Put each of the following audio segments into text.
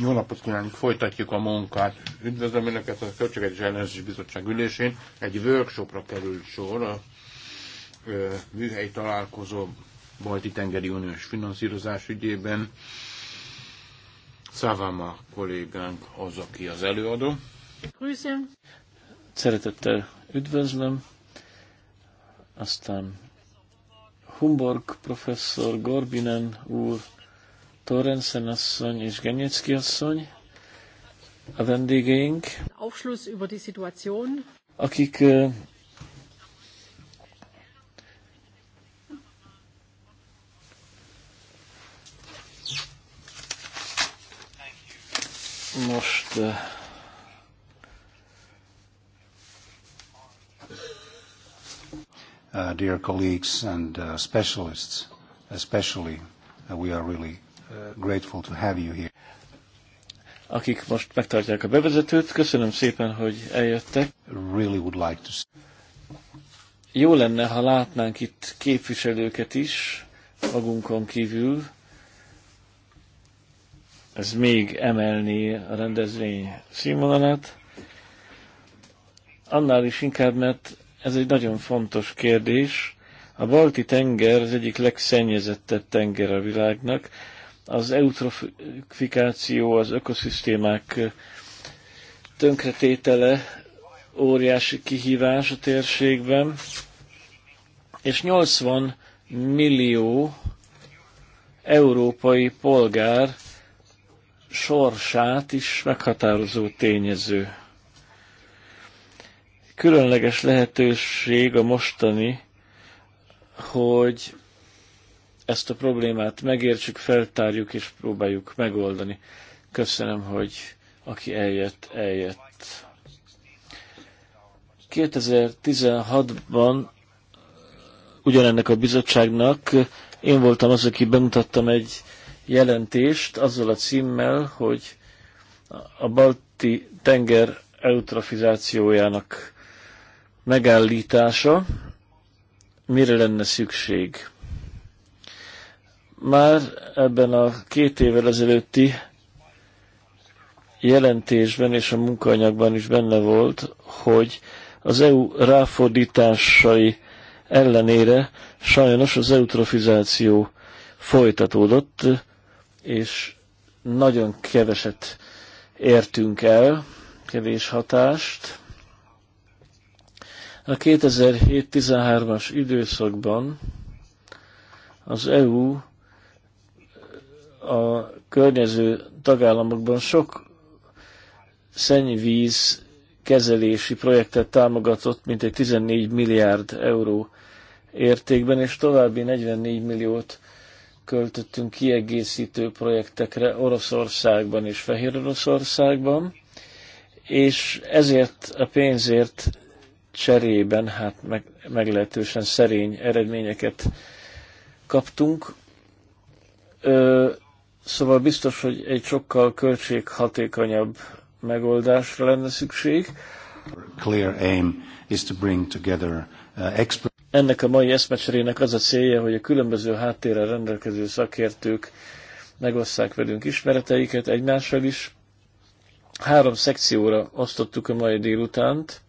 Jó napot kívánok, folytatjuk a munkát. Üdvözlöm Önöket a Költségvetés Ellenzés Bizottság ülésén. Egy workshopra került sor a műhelyi találkozó Balti Tengeri Uniós finanszírozás ügyében. a kollégánk az, aki az előadó. Grüßem. Szeretettel üdvözlöm. Aztán Humborg professzor, Gorbinen úr, Torensen asszony és Genyecki asszony, a vendégeink, akik most uh, dear colleagues and uh, specialists, especially, uh, we are really grateful to have you here. Akik most megtartják a bevezetőt, köszönöm szépen, hogy eljöttek. Really would like to see. Jó lenne, ha látnánk itt képviselőket is, magunkon kívül. Ez még emelni a rendezvény színvonalát. Annál is inkább, mert ez egy nagyon fontos kérdés. A Balti tenger az egyik legszennyezettebb tenger a világnak az eutrofikáció, az ökoszisztémák tönkretétele óriási kihívás a térségben, és 80 millió európai polgár sorsát is meghatározó tényező. Különleges lehetőség a mostani, hogy ezt a problémát megértsük, feltárjuk és próbáljuk megoldani. Köszönöm, hogy aki eljött, eljött. 2016-ban ugyanennek a bizottságnak én voltam az, aki bemutattam egy jelentést azzal a címmel, hogy a balti tenger eutrofizációjának megállítása mire lenne szükség már ebben a két évvel ezelőtti jelentésben és a munkaanyagban is benne volt, hogy az EU ráfordításai ellenére sajnos az eutrofizáció folytatódott, és nagyon keveset értünk el, kevés hatást. A 2007-13-as időszakban az EU a környező tagállamokban sok szennyvíz kezelési projektet támogatott, mint egy 14 milliárd euró értékben, és további 44 milliót költöttünk kiegészítő projektekre Oroszországban és Fehér Oroszországban, és ezért a pénzért cserében hát meg, meglehetősen szerény eredményeket kaptunk. Ö, Szóval biztos, hogy egy sokkal költséghatékonyabb megoldásra lenne szükség. Uh, Ennek a mai eszmecserének az a célja, hogy a különböző háttérrel rendelkező szakértők megosszák velünk ismereteiket egymással is. Három szekcióra osztottuk a mai délutánt.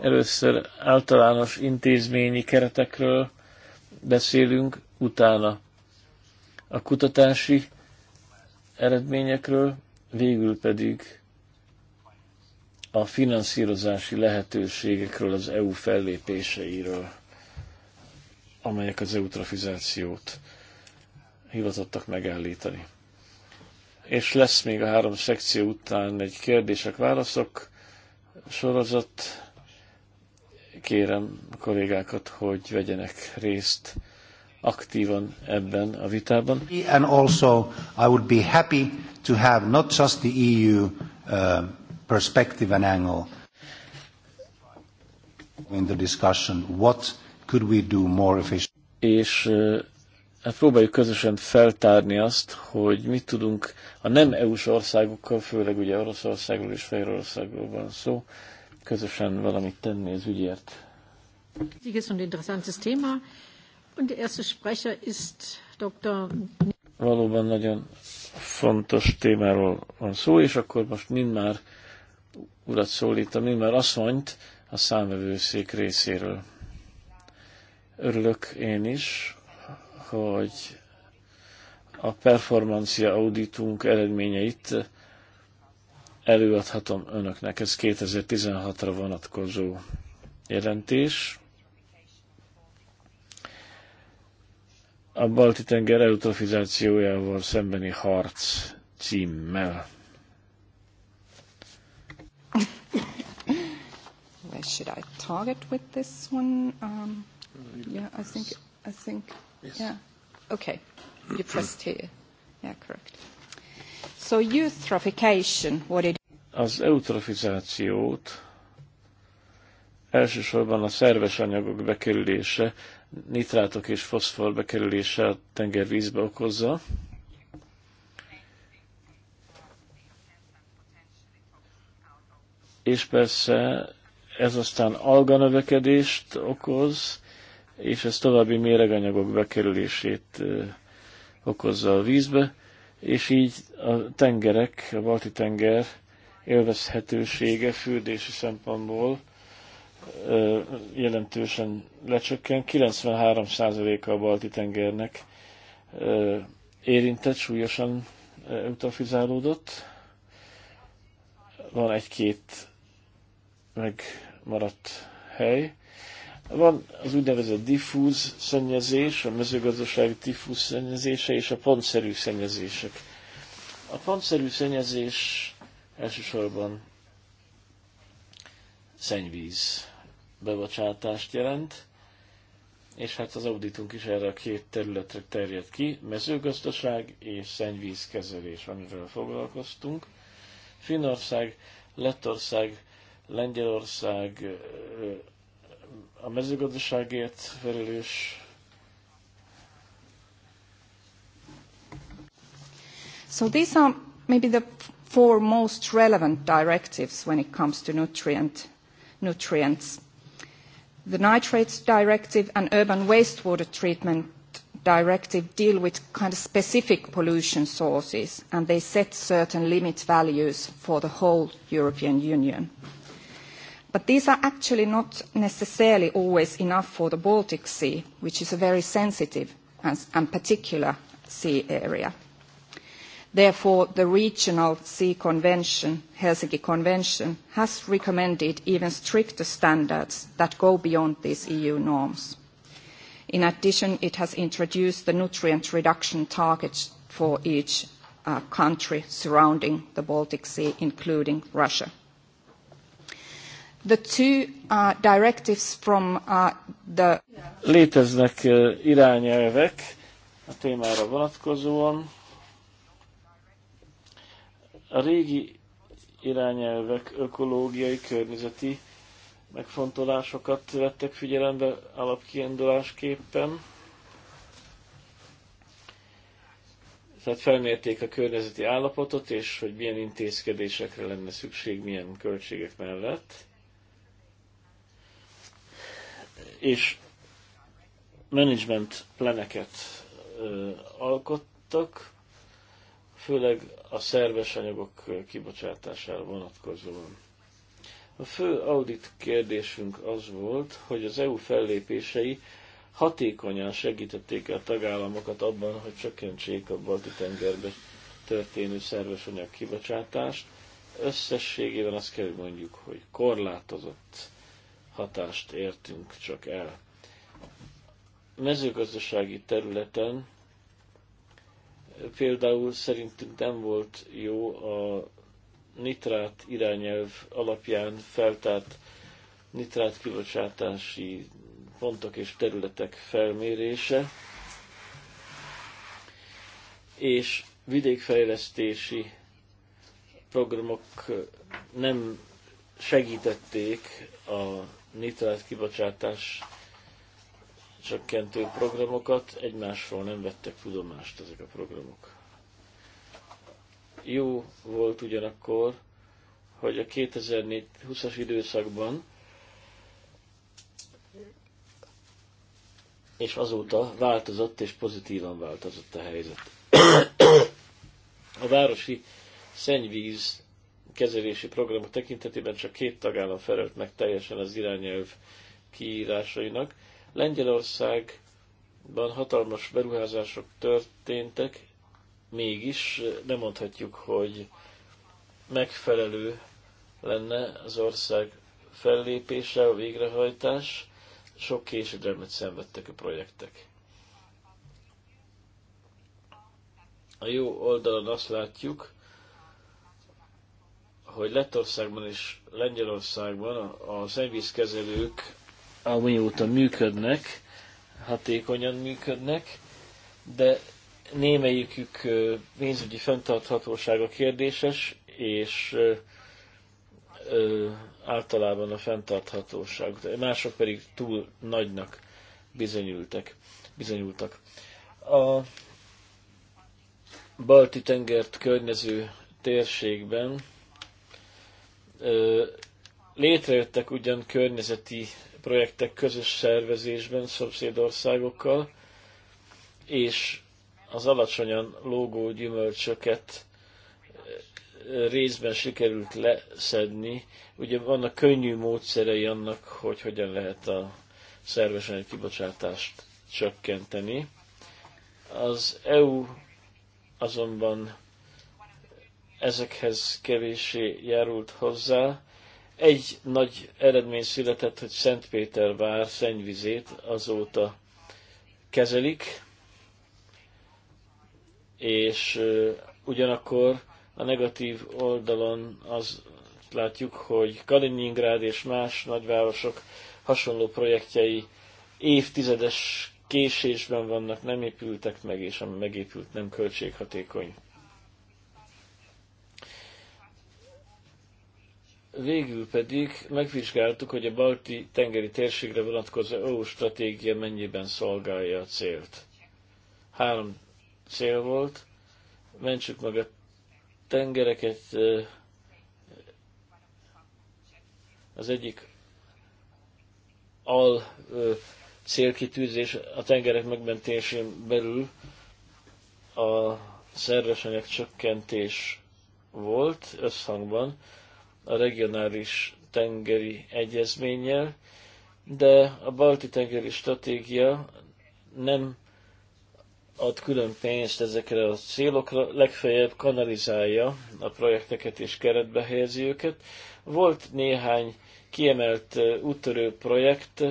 Először általános intézményi keretekről beszélünk, utána a kutatási eredményekről, végül pedig a finanszírozási lehetőségekről, az EU fellépéseiről, amelyek az eutrofizációt hivatottak megállítani. És lesz még a három szekció után egy kérdések-válaszok sorozat. Kérem a kollégákat, hogy vegyenek részt aktívan ebben a vitában. And also I would be happy to have not just the EU uh, perspective and angle in the discussion what could we do more efficiently. És uh, hát próbáljuk közösen feltárni azt, hogy mit tudunk a nem EU-s országokkal, főleg ugye Oroszországról és Fehérországról van szó, közösen valamit tenni az ügyért. Wichtiges und interessantes Thema. Und der erste Sprecher ist Dr. Valóban nagyon fontos témáról van szó, és akkor most mind már urat szólítom, mind már asszonyt a számvevőszék részéről. Örülök én is, hogy a performancia auditunk eredményeit előadhatom önöknek. Ez 2016-ra vonatkozó jelentés. a Balti-tenger eutrofizációjával szembeni harc címmel. Where should I target with this one? Um, yeah, I think, I think, yeah. Okay, you pressed here. Yeah, correct. So eutrophication, what it az eutrofizációt elsősorban a szerves anyagok bekerülése nitrátok és foszfor bekerülése a tengervízbe okozza. És persze ez aztán alganövekedést okoz, és ez további méreganyagok bekerülését okozza a vízbe, és így a tengerek, a balti tenger élvezhetősége fürdési szempontból jelentősen lecsökken. 93%-a a balti tengernek érintett, súlyosan utafizálódott. Van egy-két megmaradt hely. Van az úgynevezett diffúz szennyezés, a mezőgazdasági diffúz szennyezése és a pontszerű szennyezések. A pontszerű szennyezés elsősorban szennyvíz bebocsátást jelent, és hát az auditunk is erre a két területre terjed ki, mezőgazdaság és szennyvízkezelés, amivel foglalkoztunk. Finnország, Lettország, Lengyelország eh, a mezőgazdaságért felelős So these are maybe the four most relevant directives when it comes to nutrient, nutrients. The Nitrates Directive and Urban Wastewater Treatment Directive deal with kind of specific pollution sources and they set certain limit values for the whole European Union. But these are actually not necessarily always enough for the Baltic Sea, which is a very sensitive and, and particular sea area. Therefore, the Regional Sea Convention, Helsinki Convention, has recommended even stricter standards that go beyond these EU norms. In addition, it has introduced the nutrient reduction targets for each uh, country surrounding the Baltic Sea, including Russia. The two uh, directives from uh, the... Léteznek uh, irányelvek a témára vonatkozóan a régi irányelvek ökológiai, környezeti megfontolásokat vettek figyelembe alapkiindulásképpen, tehát felmérték a környezeti állapotot, és hogy milyen intézkedésekre lenne szükség, milyen költségek mellett. És management pleneket ö, alkottak, főleg a szerves anyagok kibocsátására vonatkozóan. A fő audit kérdésünk az volt, hogy az EU fellépései hatékonyan segítették a tagállamokat abban, hogy csökkentsék a balti tengerbe történő szerves anyag kibocsátást. Összességében azt kell mondjuk, hogy korlátozott hatást értünk csak el. mezőgazdasági területen Például szerintünk nem volt jó a nitrát irányelv alapján feltárt nitrát kibocsátási pontok és területek felmérése, és vidékfejlesztési programok nem segítették a nitrát kibocsátás csökkentő programokat, egymásról nem vettek tudomást ezek a programok. Jó volt ugyanakkor, hogy a 2020-as időszakban és azóta változott és pozitívan változott a helyzet. A városi szennyvíz kezelési programok tekintetében csak két tagállam felelt meg teljesen az irányelv kiírásainak, Lengyelországban hatalmas beruházások történtek, mégis nem mondhatjuk, hogy megfelelő lenne az ország fellépése, a végrehajtás, sok késődelmet szenvedtek a projektek. A jó oldalon azt látjuk, hogy Lettországban és Lengyelországban a szennyvízkezelők amióta működnek, hatékonyan működnek, de némelyikük pénzügyi fenntarthatósága kérdéses, és általában a fenntarthatóság, mások pedig túl nagynak bizonyultak. bizonyultak. A balti tengert környező térségben létrejöttek ugyan környezeti projektek közös szervezésben szomszédországokkal, és az alacsonyan lógó gyümölcsöket eh, részben sikerült leszedni. Ugye vannak könnyű módszerei annak, hogy hogyan lehet a szervesen egy kibocsátást csökkenteni. Az EU azonban ezekhez kevéssé járult hozzá, egy nagy eredmény született, hogy vár szennyvizét azóta kezelik, és ugyanakkor a negatív oldalon az látjuk, hogy Kaliningrád és más nagyvárosok hasonló projektjei évtizedes késésben vannak, nem épültek meg, és ami megépült nem költséghatékony. Végül pedig megvizsgáltuk, hogy a balti tengeri térségre vonatkozó EU stratégia mennyiben szolgálja a célt. Három cél volt, mentsük meg a tengereket, az egyik al célkitűzés a tengerek megmentésén belül a szerves csökkentés volt összhangban a regionális tengeri egyezménnyel, de a balti tengeri stratégia nem ad külön pénzt ezekre a célokra, legfeljebb kanalizálja a projekteket és keretbe helyezi őket. Volt néhány kiemelt úttörő projekt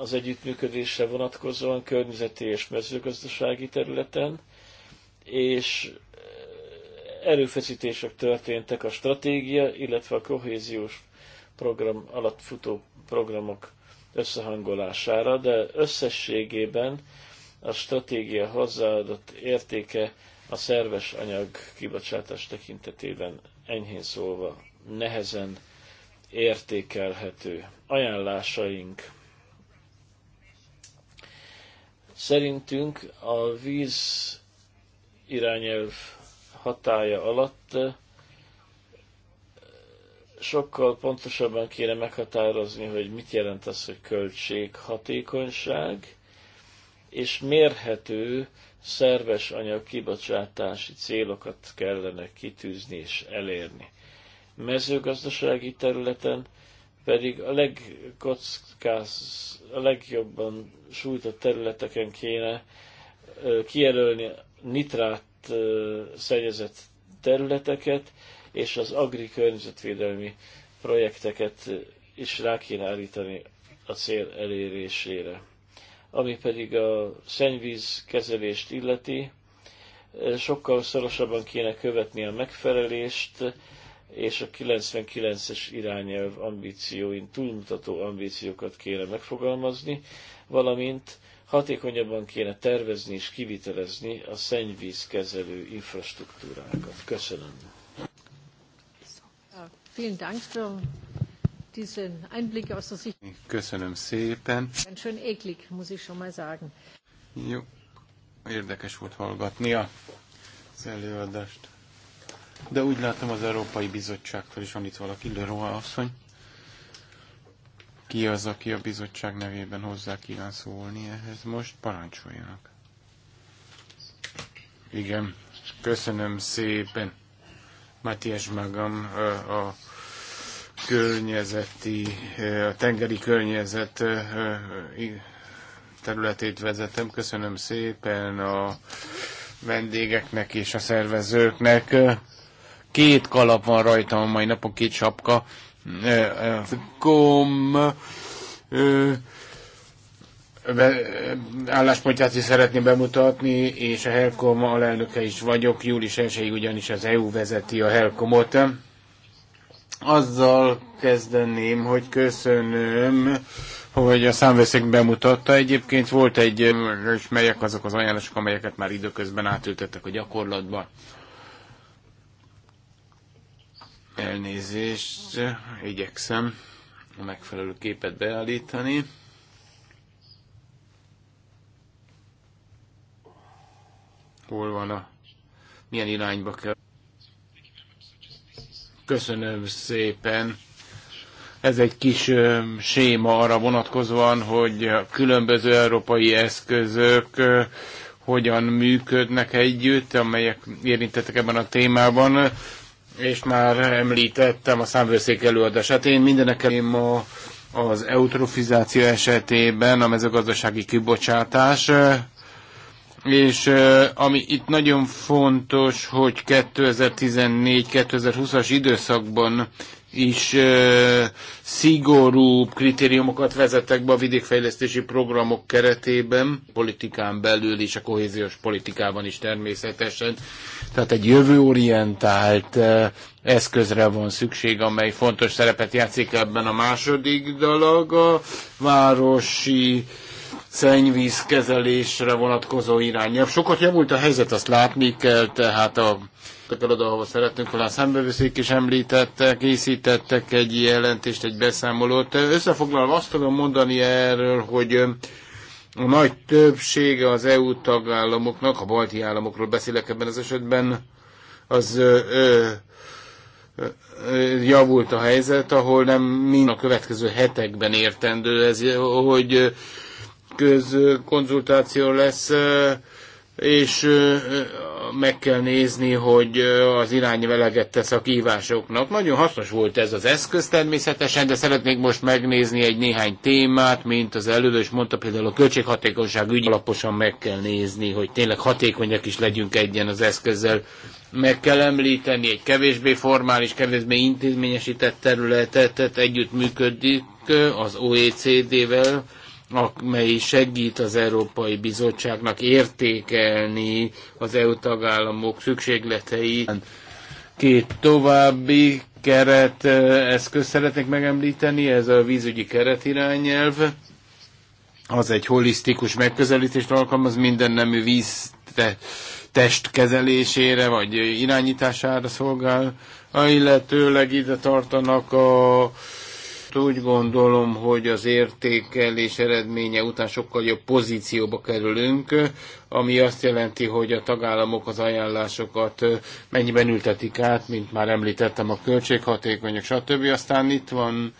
az együttműködésre vonatkozóan környezeti és mezőgazdasági területen, és erőfeszítések történtek a stratégia, illetve a kohéziós program alatt futó programok összehangolására, de összességében a stratégia hozzáadott értéke a szerves anyag kibocsátás tekintetében enyhén szólva nehezen értékelhető. Ajánlásaink szerintünk a víz irányelv hatája alatt sokkal pontosabban kéne meghatározni, hogy mit jelent az, hogy hatékonyság, és mérhető szerves anyag kibocsátási célokat kellene kitűzni és elérni. Mezőgazdasági területen pedig a, legkockáz, a legjobban sújtott területeken kéne kijelölni nitrát szennyezett területeket, és az agri környezetvédelmi projekteket is rá kéne állítani a cél elérésére. Ami pedig a szennyvíz kezelést illeti, sokkal szorosabban kéne követni a megfelelést, és a 99-es irányelv ambícióin túlmutató ambíciókat kéne megfogalmazni, valamint Hatékonyabban kéne tervezni és kivitelezni a szennyvízkezelő infrastruktúrákat. Köszönöm. Köszönöm szépen. schön schon mal sagen. Jó, érdekes volt hallgatni, az előadást. De úgy látom az Európai Bizottságtól is van itt valaki, Róha asszony. Ki az, aki a bizottság nevében hozzá kíván szólni ehhez? Most parancsoljanak. Igen, köszönöm szépen. Matthias magam a környezeti, a tengeri környezet területét vezetem. Köszönöm szépen a vendégeknek és a szervezőknek. Két kalap van rajtam a mai napon, két sapka. Eh, kom eh, eh, álláspontját is szeretném bemutatni, és a Helcom alelnöke is vagyok. Július 1 ugyanis az EU vezeti a Helcomot. Azzal kezdeném, hogy köszönöm, hogy a számveszék bemutatta. Egyébként volt egy, és melyek azok az ajánlások, amelyeket már időközben átültettek a gyakorlatba. Elnézést, igyekszem a megfelelő képet beállítani. Hol van a... Milyen irányba kell... Köszönöm szépen. Ez egy kis ö, séma arra vonatkozóan, hogy a különböző európai eszközök ö, hogyan működnek együtt, amelyek érintettek ebben a témában és már említettem a számvőszék előadását. Én mindenek ma az eutrofizáció esetében a mezőgazdasági kibocsátás, és ami itt nagyon fontos, hogy 2014-2020-as időszakban is ö, szigorú kritériumokat vezettek be a vidékfejlesztési programok keretében, politikán belül és a kohéziós politikában is természetesen. Tehát egy jövőorientált ö, eszközre van szükség, amely fontos szerepet játszik ebben a második dolog, a városi szennyvízkezelésre vonatkozó irányelv. Sokat javult a helyzet, azt látni kell, tehát a jutottak el oda, ahova szeretnünk volna. A szembevőszék is említettek, készítettek egy jelentést, egy beszámolót. Összefoglalva azt tudom mondani erről, hogy a nagy többsége az EU tagállamoknak, a balti államokról beszélek ebben az esetben, az ö, ö, javult a helyzet, ahol nem mind a következő hetekben értendő ez, hogy közkonzultáció lesz, és meg kell nézni, hogy az irányelv tesz a kívásoknak. Nagyon hasznos volt ez az eszköz természetesen, de szeretnék most megnézni egy néhány témát, mint az előző is mondta, például a költséghatékonyság ügy alaposan meg kell nézni, hogy tényleg hatékonyak is legyünk egyen az eszközzel. Meg kell említeni egy kevésbé formális, kevésbé intézményesített területet, együtt együttműködik az OECD-vel, amely segít az Európai Bizottságnak értékelni az EU tagállamok szükségleteit. Két további keret eszköz szeretnék megemlíteni, ez a vízügyi keretirányelv. Az egy holisztikus megközelítést alkalmaz minden nemű víz te, test kezelésére vagy irányítására szolgál, illetőleg ide tartanak a most úgy gondolom, hogy az értékelés eredménye után sokkal jobb pozícióba kerülünk, ami azt jelenti, hogy a tagállamok az ajánlásokat mennyiben ültetik át, mint már említettem, a költséghatékonyok, stb. Aztán itt van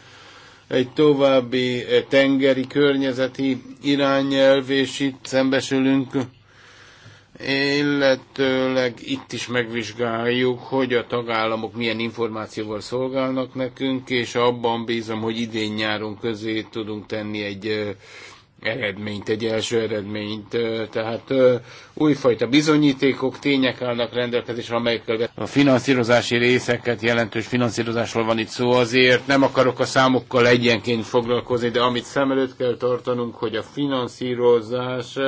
egy további tengeri környezeti irányelv, és itt szembesülünk illetőleg itt is megvizsgáljuk, hogy a tagállamok milyen információval szolgálnak nekünk, és abban bízom, hogy idén nyáron közé tudunk tenni egy eredményt, egy első eredményt. Tehát újfajta bizonyítékok, tények állnak rendelkezésre, amelyekkel a finanszírozási részeket, jelentős finanszírozásról van itt szó, azért nem akarok a számokkal egyenként foglalkozni, de amit szem előtt kell tartanunk, hogy a finanszírozás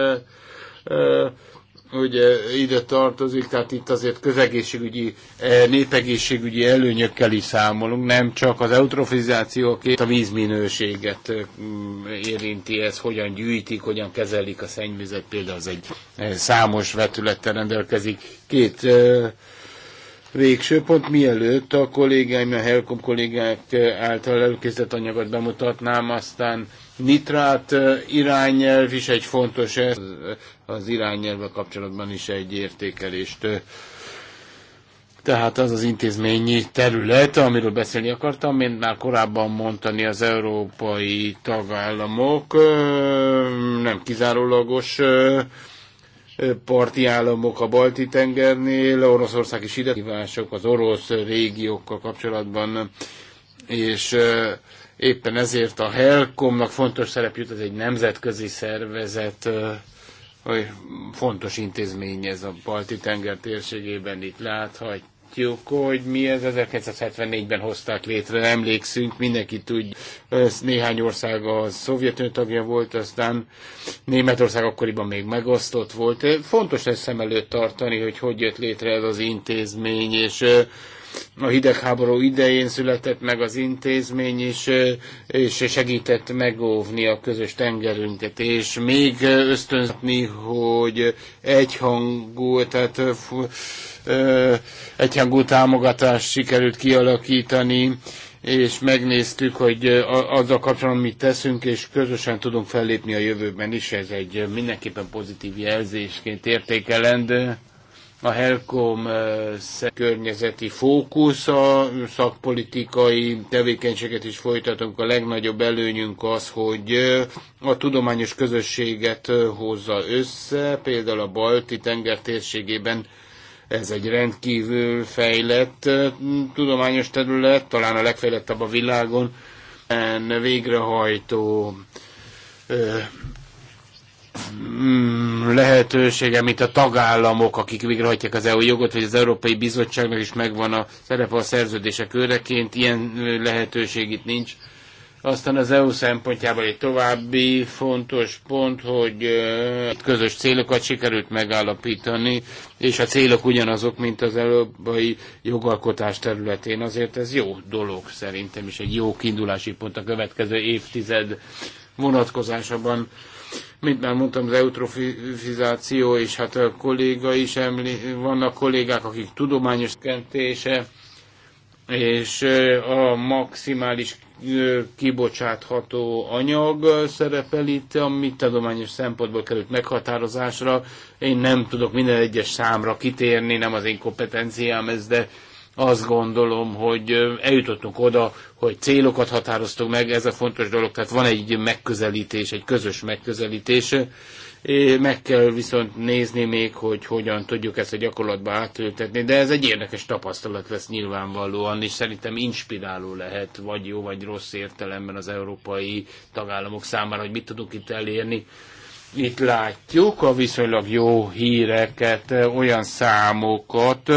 ugye ide tartozik, tehát itt azért közegészségügyi, eh, népegészségügyi előnyökkel is számolunk, nem csak az eutrofizáció, a vízminőséget eh, mm, érinti ez, hogyan gyűjtik, hogyan kezelik a szennyvizet, például az egy eh, számos vetülettel rendelkezik. Két végső pont, mielőtt a kollégáim, a Helcom kollégák által előkészített anyagot bemutatnám, aztán nitrát irányelv is egy fontos, az irányelve kapcsolatban is egy értékelést. Tehát az az intézményi terület, amiről beszélni akartam, mint már korábban mondani, az európai tagállamok nem kizárólagos parti államok a balti tengernél, Oroszország is ide kívások az orosz régiókkal kapcsolatban, és Éppen ezért a Helcomnak fontos szerep jut, ez egy nemzetközi szervezet, hogy fontos intézmény ez a Balti tenger térségében, itt láthatjuk, hogy mi ez 1974-ben hozták létre, emlékszünk, mindenki tud, ez néhány ország a Szovjetunió tagja volt, aztán Németország akkoriban még megosztott volt. Fontos ezt szem előtt tartani, hogy hogy jött létre ez az intézmény, és a hidegháború idején született meg az intézmény is, és segített megóvni a közös tengerünket, és még ösztönzni, hogy egyhangú, tehát egyhangú támogatást sikerült kialakítani, és megnéztük, hogy azzal kapcsolatban mit teszünk, és közösen tudunk fellépni a jövőben is. Ez egy mindenképpen pozitív jelzésként értékelendő a Helcom eh, környezeti fókusz, a szakpolitikai tevékenységet is folytatunk. A legnagyobb előnyünk az, hogy eh, a tudományos közösséget eh, hozza össze, például a Balti tenger térségében ez egy rendkívül fejlett tudományos terület, talán a legfejlettebb a világon, végrehajtó Mm, lehetősége, mint a tagállamok, akik végrehajtják az EU jogot, hogy az Európai Bizottságnak is megvan a szerepe a szerződések őreként, ilyen lehetőség itt nincs. Aztán az EU szempontjából egy további fontos pont, hogy közös célokat sikerült megállapítani, és a célok ugyanazok, mint az európai jogalkotás területén. Azért ez jó dolog szerintem, és egy jó kiindulási pont a következő évtized vonatkozásában. Mint már mondtam, az eutrofizáció, és hát a kolléga is emlé... vannak kollégák, akik tudományos kentése, és a maximális kibocsátható anyag szerepel itt, ami tudományos szempontból került meghatározásra. Én nem tudok minden egyes számra kitérni, nem az én kompetenciám ez, de azt gondolom, hogy eljutottunk oda, hogy célokat határoztunk meg, ez a fontos dolog, tehát van egy megközelítés, egy közös megközelítés, meg kell viszont nézni még, hogy hogyan tudjuk ezt a gyakorlatba átültetni, de ez egy érdekes tapasztalat lesz nyilvánvalóan, és szerintem inspiráló lehet, vagy jó, vagy rossz értelemben az európai tagállamok számára, hogy mit tudunk itt elérni. Itt látjuk a viszonylag jó híreket, olyan számokat,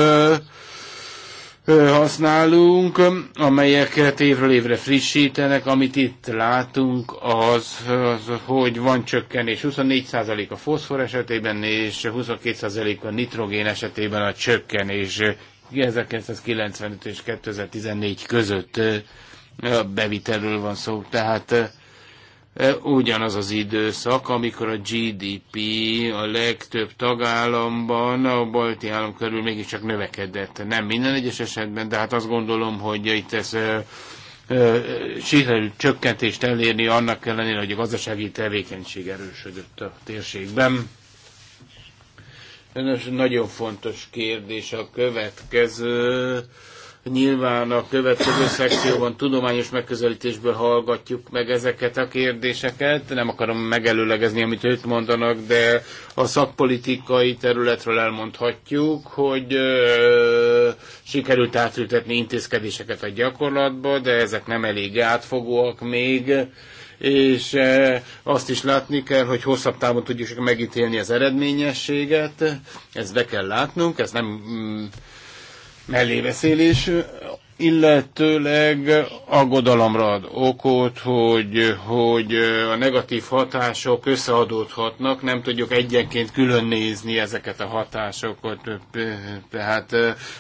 használunk, amelyeket évről évre frissítenek. Amit itt látunk, az, az hogy van csökkenés 24% a foszfor esetében, és 22% a nitrogén esetében a csökkenés 1995 és 2014 között bevitelről van szó. Tehát E, ugyanaz az időszak, amikor a GDP a legtöbb tagállamban, a balti állam körül mégiscsak növekedett. Nem minden egyes esetben, de hát azt gondolom, hogy itt ez e, e, sikerült csökkentést elérni annak ellenére, hogy a gazdasági tevékenység erősödött a térségben. Ez nagyon fontos kérdés a következő Nyilván a következő szekcióban tudományos megközelítésből hallgatjuk meg ezeket a kérdéseket. Nem akarom megelőlegezni, amit őt mondanak, de a szakpolitikai területről elmondhatjuk, hogy ö, sikerült átültetni intézkedéseket a gyakorlatba, de ezek nem elég átfogóak még és azt is látni kell, hogy hosszabb távon tudjuk megítélni az eredményességet, ezt be kell látnunk, ez nem mm, mellébeszélés illetőleg aggodalomra ad okot, hogy, hogy a negatív hatások összeadódhatnak, nem tudjuk egyenként külön nézni ezeket a hatásokat, tehát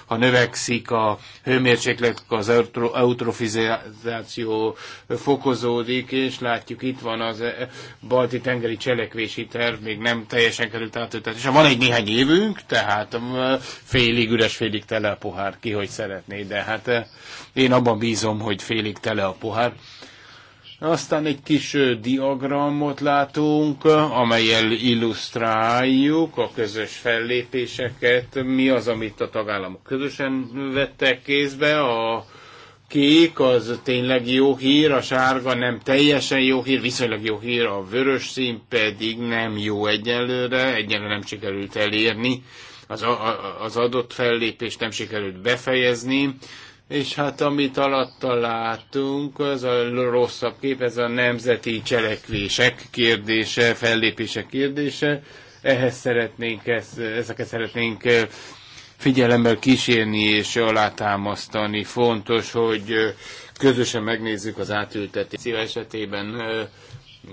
ha növekszik a hőmérséklet, az eutrofizáció fokozódik, és látjuk itt van az balti tengeri cselekvési terv, még nem teljesen került átültetésre. Van egy néhány évünk, tehát félig üres, félig tele a pohár, ki hogy szeretné, de hát én abban bízom, hogy félig tele a pohár. Aztán egy kis diagramot látunk, amelyel illusztráljuk a közös fellépéseket, mi az, amit a tagállamok közösen vettek kézbe, a kék az tényleg jó hír, a sárga nem teljesen jó hír, viszonylag jó hír, a vörös szín pedig nem jó egyelőre, egyelőre nem sikerült elérni, az, a, az adott fellépést nem sikerült befejezni, és hát amit alatta látunk, az a rosszabb kép, ez a nemzeti cselekvések kérdése, fellépések kérdése. Ehhez szeretnénk, ezt, ezeket szeretnénk figyelemmel kísérni és alátámasztani. Fontos, hogy közösen megnézzük az átültetés esetében,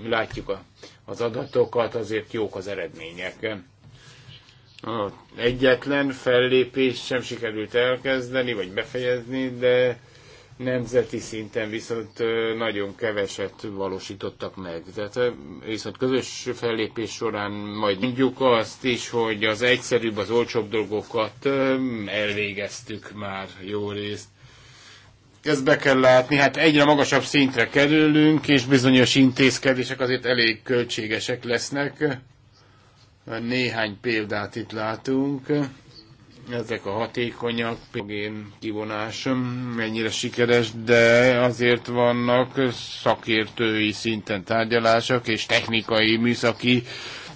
látjuk az adatokat, azért jók az eredmények a egyetlen fellépés sem sikerült elkezdeni vagy befejezni, de nemzeti szinten viszont nagyon keveset valósítottak meg. Tehát viszont közös fellépés során majd mondjuk azt is, hogy az egyszerűbb, az olcsóbb dolgokat elvégeztük már jó részt. Ezt be kell látni, hát egyre magasabb szintre kerülünk, és bizonyos intézkedések azért elég költségesek lesznek néhány példát itt látunk. Ezek a hatékonyak, gén kivonás mennyire sikeres, de azért vannak szakértői szinten tárgyalások és technikai, műszaki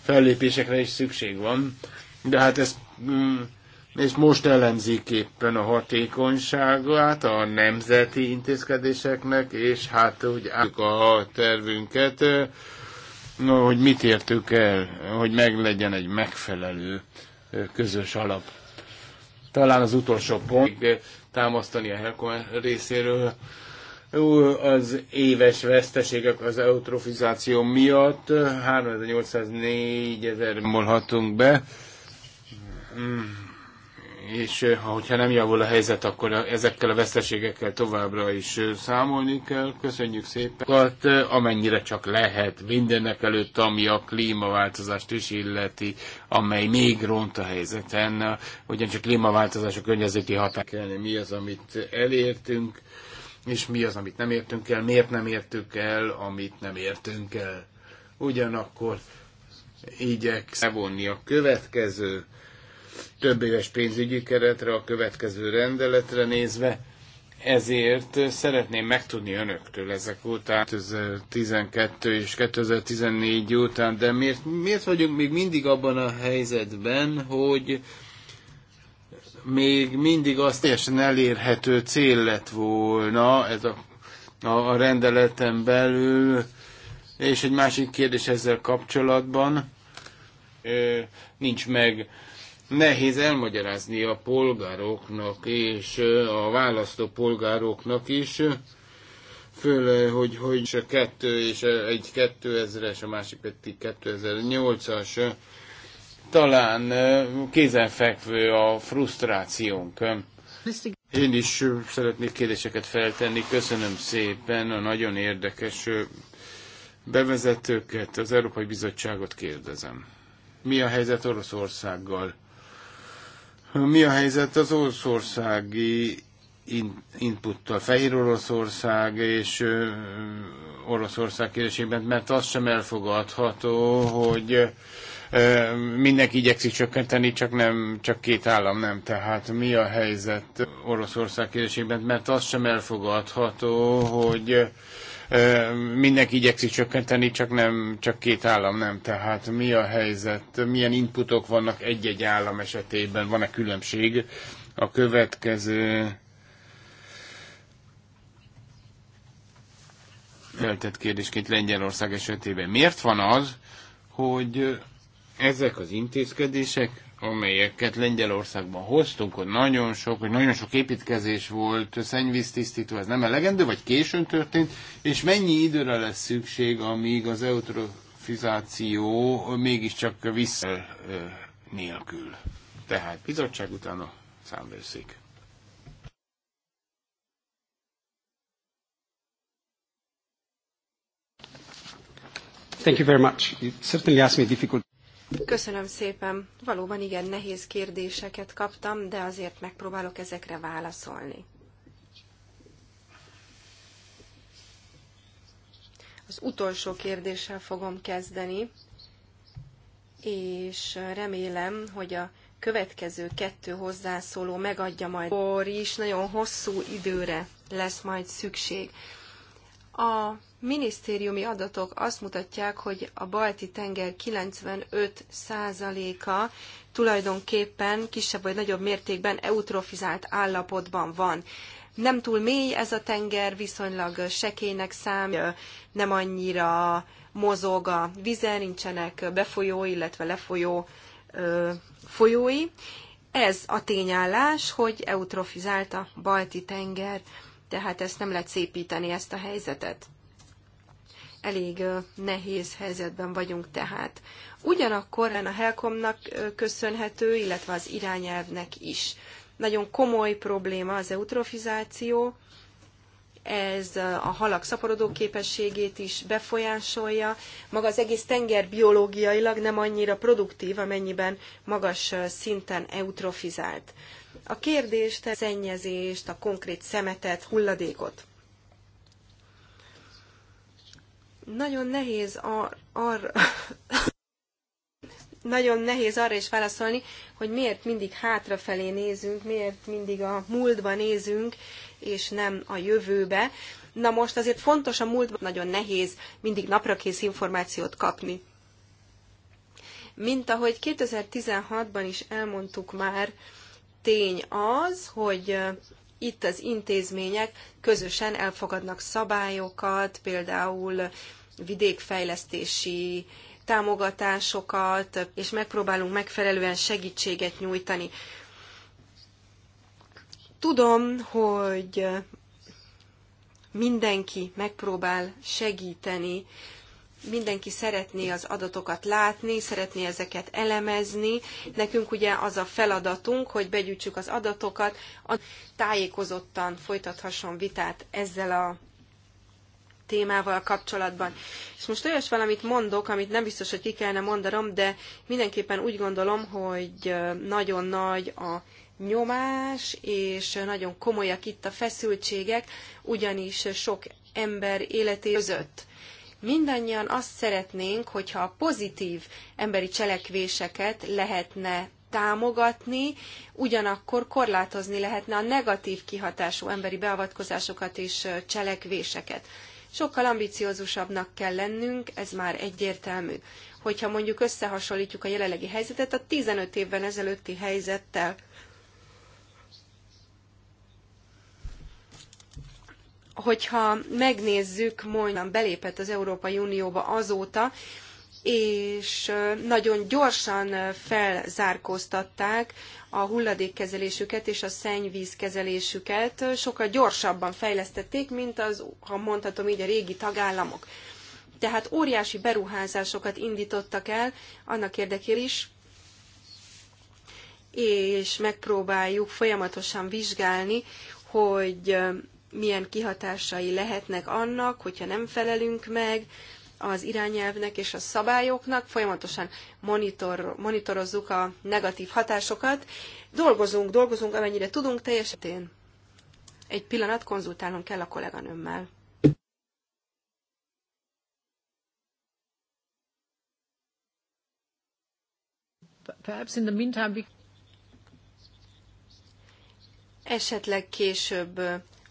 fellépésekre is szükség van. De hát ez és mm, most elemzik éppen a hatékonyságát a nemzeti intézkedéseknek, és hát úgy álljuk a tervünket, no, hogy mit értük el, hogy meglegyen egy megfelelő közös alap. Talán az utolsó pont támasztani a Helcom részéről az éves veszteségek az eutrofizáció miatt 3804 ezer molhatunk be. Hmm és hogyha nem javul a helyzet, akkor ezekkel a veszteségekkel továbbra is számolni kell. Köszönjük szépen. Hát, amennyire csak lehet, mindenek előtt, ami a klímaváltozást is illeti, amely még ront a helyzeten, ugyancsak klímaváltozás a környezeti hatás. Mi az, amit elértünk, és mi az, amit nem értünk el, miért nem értük el, amit nem értünk el. Ugyanakkor igyekszem szavonni a következő több éves pénzügyi keretre, a következő rendeletre nézve. Ezért szeretném megtudni önöktől ezek után, 2012 és 2014 után, de miért, miért vagyunk még mindig abban a helyzetben, hogy még mindig azt teljesen elérhető cél lett volna ez a, a, a rendeleten belül, és egy másik kérdés ezzel kapcsolatban, ö, nincs meg nehéz elmagyarázni a polgároknak és a választó polgároknak is, főleg, hogy, hogy a kettő és egy 2000-es, a másik pedig 2008-as, talán kézenfekvő a frusztrációnk. Én is szeretnék kérdéseket feltenni. Köszönöm szépen a nagyon érdekes bevezetőket. Az Európai Bizottságot kérdezem. Mi a helyzet Oroszországgal? Mi a helyzet az oroszországi inputtal? Fehér Oroszország és Oroszország kérdésében, mert az sem elfogadható, hogy mindenki igyekszik csökkenteni, csak, nem, csak két állam nem. Tehát mi a helyzet Oroszország kérdésében, mert az sem elfogadható, hogy mindenki igyekszik csökkenteni, csak nem, csak két állam nem. Tehát mi a helyzet, milyen inputok vannak egy-egy állam esetében, van-e különbség? A következő feltett kérdésként Lengyelország esetében. Miért van az, hogy ezek az intézkedések, amelyeket Lengyelországban hoztunk, hogy nagyon sok, hogy nagyon sok építkezés volt, szennyvíztisztító, ez nem elegendő, vagy későn történt, és mennyi időre lesz szükség, amíg az eutrofizáció mégiscsak vissza nélkül. Tehát bizottság utána számvőszék. Thank you very much. You certainly asked me difficult Köszönöm szépen. Valóban igen nehéz kérdéseket kaptam, de azért megpróbálok ezekre válaszolni. Az utolsó kérdéssel fogom kezdeni, és remélem, hogy a következő kettő hozzászóló megadja majd, akkor is nagyon hosszú időre lesz majd szükség. A minisztériumi adatok azt mutatják, hogy a balti tenger 95%-a tulajdonképpen kisebb vagy nagyobb mértékben eutrofizált állapotban van. Nem túl mély ez a tenger, viszonylag sekélynek szám, nem annyira mozog a vize, nincsenek befolyó, illetve lefolyó ö, folyói. Ez a tényállás, hogy eutrofizált a balti tenger tehát ezt nem lehet szépíteni, ezt a helyzetet. Elég nehéz helyzetben vagyunk tehát. Ugyanakkor a Helcomnak köszönhető, illetve az irányelvnek is. Nagyon komoly probléma az eutrofizáció, ez a halak szaporodó képességét is befolyásolja. Maga az egész tenger biológiailag nem annyira produktív, amennyiben magas szinten eutrofizált a kérdést, a szennyezést, a konkrét szemetet, hulladékot. Nagyon nehéz ar- nagyon nehéz arra is válaszolni, hogy miért mindig hátrafelé nézünk, miért mindig a múltba nézünk, és nem a jövőbe. Na most azért fontos a múltban, nagyon nehéz mindig naprakész információt kapni. Mint ahogy 2016-ban is elmondtuk már, tény az, hogy itt az intézmények közösen elfogadnak szabályokat, például vidékfejlesztési támogatásokat, és megpróbálunk megfelelően segítséget nyújtani. Tudom, hogy mindenki megpróbál segíteni mindenki szeretné az adatokat látni, szeretné ezeket elemezni. Nekünk ugye az a feladatunk, hogy begyűjtsük az adatokat, a tájékozottan folytathasson vitát ezzel a témával kapcsolatban. És most olyas valamit mondok, amit nem biztos, hogy ki kellene mondanom, de mindenképpen úgy gondolom, hogy nagyon nagy a nyomás, és nagyon komolyak itt a feszültségek, ugyanis sok ember életé között. Mindannyian azt szeretnénk, hogyha a pozitív emberi cselekvéseket lehetne támogatni, ugyanakkor korlátozni lehetne a negatív kihatású emberi beavatkozásokat és cselekvéseket. Sokkal ambiciózusabbnak kell lennünk, ez már egyértelmű. Hogyha mondjuk összehasonlítjuk a jelenlegi helyzetet a 15 évvel ezelőtti helyzettel, hogyha megnézzük, mondjam, belépett az Európai Unióba azóta, és nagyon gyorsan felzárkóztatták a hulladékkezelésüket és a szennyvízkezelésüket, sokkal gyorsabban fejlesztették, mint az, ha mondhatom így, a régi tagállamok. Tehát óriási beruházásokat indítottak el annak érdekében is, és megpróbáljuk folyamatosan vizsgálni, hogy milyen kihatásai lehetnek annak, hogyha nem felelünk meg az irányelvnek és a szabályoknak, folyamatosan monitor, monitorozzuk a negatív hatásokat, dolgozunk, dolgozunk, amennyire tudunk teljesen. Egy pillanat, konzultálnunk kell a kolléganőmmel. Perhaps in the meantime we... Esetleg később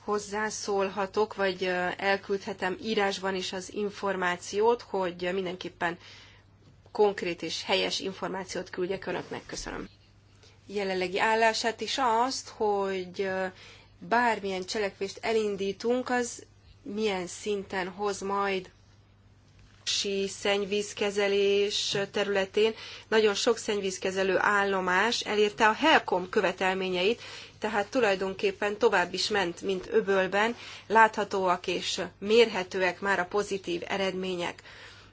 hozzászólhatok, vagy elküldhetem írásban is az információt, hogy mindenképpen konkrét és helyes információt küldjek önöknek. Köszönöm. Jelenlegi állását is azt, hogy bármilyen cselekvést elindítunk, az milyen szinten hoz majd sí, szennyvízkezelés területén. Nagyon sok szennyvízkezelő állomás elérte a HELCOM követelményeit, tehát tulajdonképpen tovább is ment, mint öbölben, láthatóak és mérhetőek már a pozitív eredmények.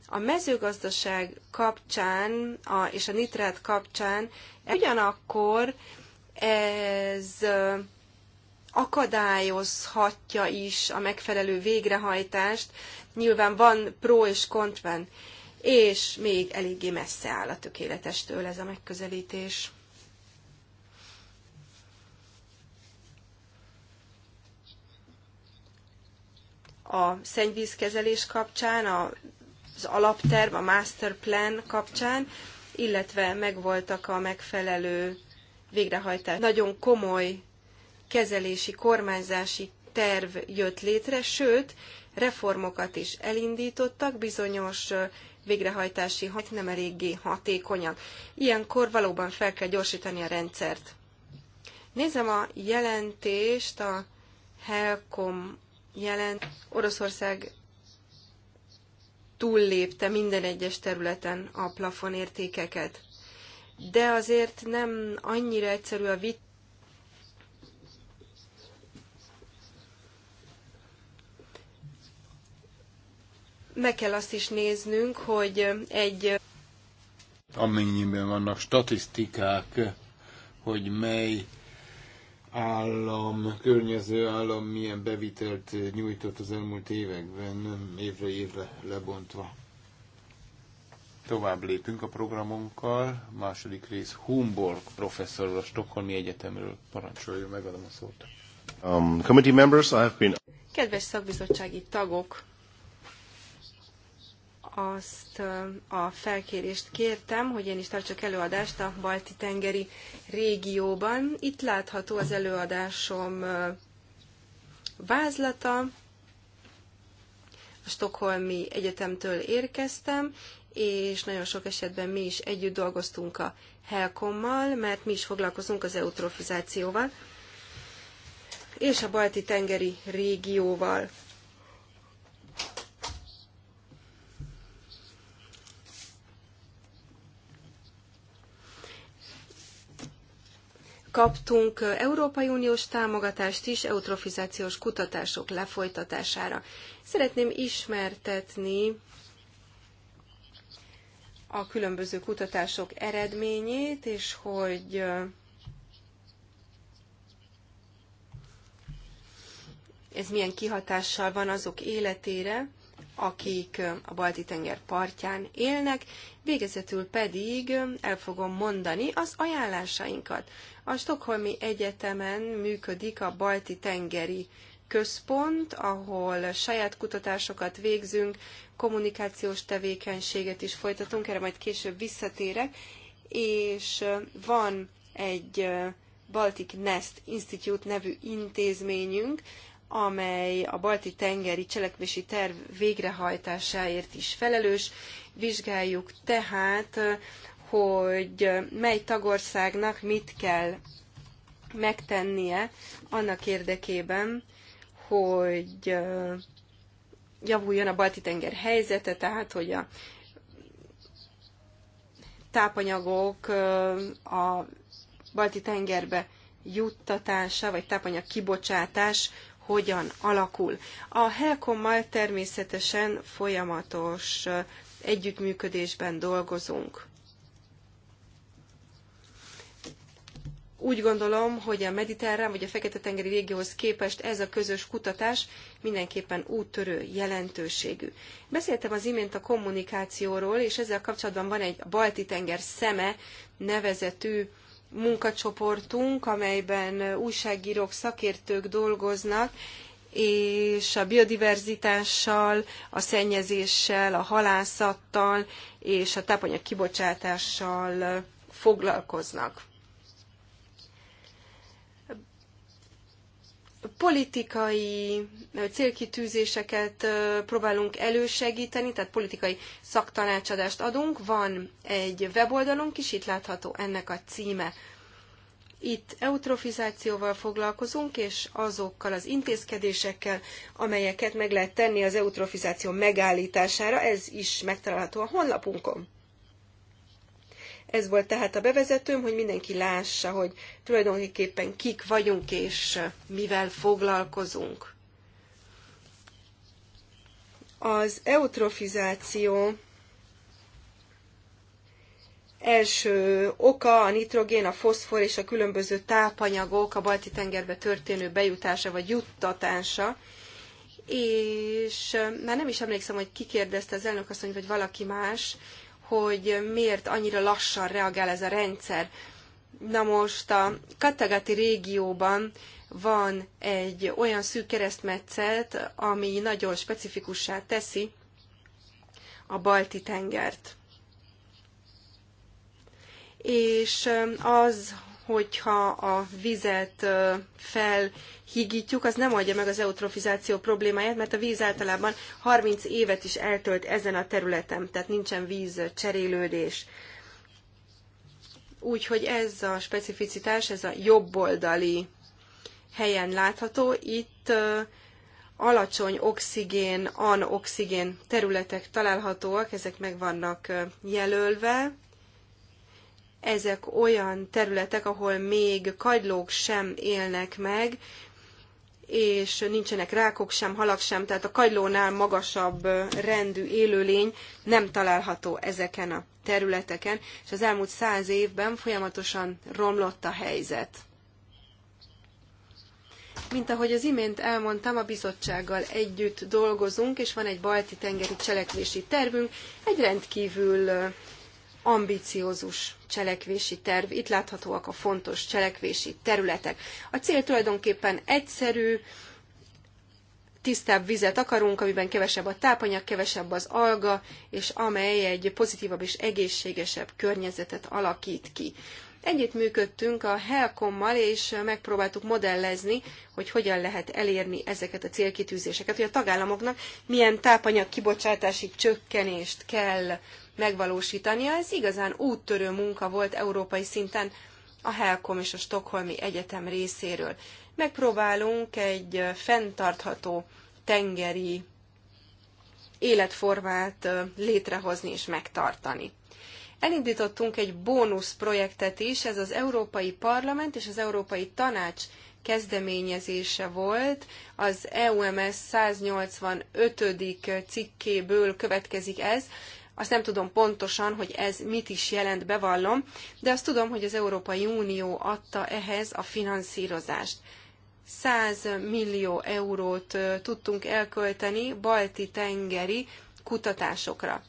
A mezőgazdaság kapcsán a, és a nitrát kapcsán ugyanakkor ez akadályozhatja is a megfelelő végrehajtást. Nyilván van pró és kontven, és még eléggé messze áll a tökéletestől ez a megközelítés. a szennyvízkezelés kapcsán, az alapterv, a master plan kapcsán, illetve megvoltak a megfelelő végrehajtás. Nagyon komoly kezelési, kormányzási terv jött létre, sőt, reformokat is elindítottak, bizonyos végrehajtási hat nem eléggé hatékonyak. Ilyenkor valóban fel kell gyorsítani a rendszert. Nézem a jelentést a Helcom jelent. Oroszország túllépte minden egyes területen a plafonértékeket. De azért nem annyira egyszerű a vit. Meg kell azt is néznünk, hogy egy... Amennyiben vannak statisztikák, hogy mely állam, környező állam milyen bevitelt nyújtott az elmúlt években, évre évre lebontva. Tovább lépünk a programunkkal. Második rész Humborg professzorról a Stockholmi Egyetemről. Parancsoljon, megadom a szót. Um, committee members, I have been... Kedves szakbizottsági tagok, azt a felkérést kértem, hogy én is tartsak előadást a Balti-tengeri régióban. Itt látható az előadásom vázlata. A Stockholmi Egyetemtől érkeztem, és nagyon sok esetben mi is együtt dolgoztunk a Helkommal, mert mi is foglalkozunk az eutrofizációval és a balti tengeri régióval. kaptunk Európai Uniós támogatást is eutrofizációs kutatások lefolytatására. Szeretném ismertetni a különböző kutatások eredményét, és hogy ez milyen kihatással van azok életére, akik a Balti-tenger partján élnek, végezetül pedig el fogom mondani az ajánlásainkat. A Stockholmi Egyetemen működik a Balti-tengeri központ, ahol saját kutatásokat végzünk, kommunikációs tevékenységet is folytatunk, erre majd később visszatérek, és van egy Baltic Nest Institute nevű intézményünk, amely a balti tengeri cselekvési terv végrehajtásáért is felelős. Vizsgáljuk tehát, hogy mely tagországnak mit kell megtennie annak érdekében, hogy javuljon a Balti-tenger helyzete, tehát hogy a tápanyagok a Balti-tengerbe juttatása, vagy tápanyag kibocsátás hogyan alakul. A Helcommal természetesen folyamatos együttműködésben dolgozunk. Úgy gondolom, hogy a mediterrán vagy a fekete-tengeri régióhoz képest ez a közös kutatás mindenképpen úttörő jelentőségű. Beszéltem az imént a kommunikációról, és ezzel kapcsolatban van egy Balti-tenger szeme nevezetű munkacsoportunk, amelyben újságírók, szakértők dolgoznak, és a biodiverzitással, a szennyezéssel, a halászattal és a tápanyag kibocsátással foglalkoznak. politikai célkitűzéseket próbálunk elősegíteni, tehát politikai szaktanácsadást adunk. Van egy weboldalunk is, itt látható ennek a címe. Itt eutrofizációval foglalkozunk, és azokkal az intézkedésekkel, amelyeket meg lehet tenni az eutrofizáció megállítására, ez is megtalálható a honlapunkon. Ez volt tehát a bevezetőm, hogy mindenki lássa, hogy tulajdonképpen kik vagyunk és mivel foglalkozunk. Az eutrofizáció első oka a nitrogén, a foszfor és a különböző tápanyagok a balti tengerbe történő bejutása vagy juttatása. És eh, már nem is emlékszem, hogy ki kérdezte az elnök asszony, vagy valaki más, hogy miért annyira lassan reagál ez a rendszer. Na most a Kattagati régióban van egy olyan szűk keresztmetszet, ami nagyon specifikussá teszi a balti tengert. És az, hogyha a vizet felhigítjuk, az nem oldja meg az eutrofizáció problémáját, mert a víz általában 30 évet is eltölt ezen a területen, tehát nincsen víz cserélődés. Úgyhogy ez a specificitás, ez a jobboldali helyen látható. Itt alacsony oxigén, anoxigén területek találhatóak, ezek meg vannak jelölve ezek olyan területek, ahol még kagylók sem élnek meg, és nincsenek rákok sem, halak sem, tehát a kagylónál magasabb rendű élőlény nem található ezeken a területeken, és az elmúlt száz évben folyamatosan romlott a helyzet. Mint ahogy az imént elmondtam, a bizottsággal együtt dolgozunk, és van egy balti tengeri cselekvési tervünk, egy rendkívül ambiciózus cselekvési terv, itt láthatóak a fontos cselekvési területek. A cél tulajdonképpen egyszerű, tisztább vizet akarunk, amiben kevesebb a tápanyag, kevesebb az alga, és amely egy pozitívabb és egészségesebb környezetet alakít ki. Együtt működtünk a Helcommal, és megpróbáltuk modellezni, hogy hogyan lehet elérni ezeket a célkitűzéseket, hogy a tagállamoknak milyen tápanyag kibocsátási csökkenést kell megvalósítania. Ez igazán úttörő munka volt európai szinten a Helcom és a Stockholmi Egyetem részéről. Megpróbálunk egy fenntartható tengeri életformát létrehozni és megtartani. Elindítottunk egy bónusz projektet is, ez az Európai Parlament és az Európai Tanács kezdeményezése volt. Az EUMS 185. cikkéből következik ez, azt nem tudom pontosan, hogy ez mit is jelent, bevallom, de azt tudom, hogy az Európai Unió adta ehhez a finanszírozást. 100 millió eurót tudtunk elkölteni balti tengeri kutatásokra.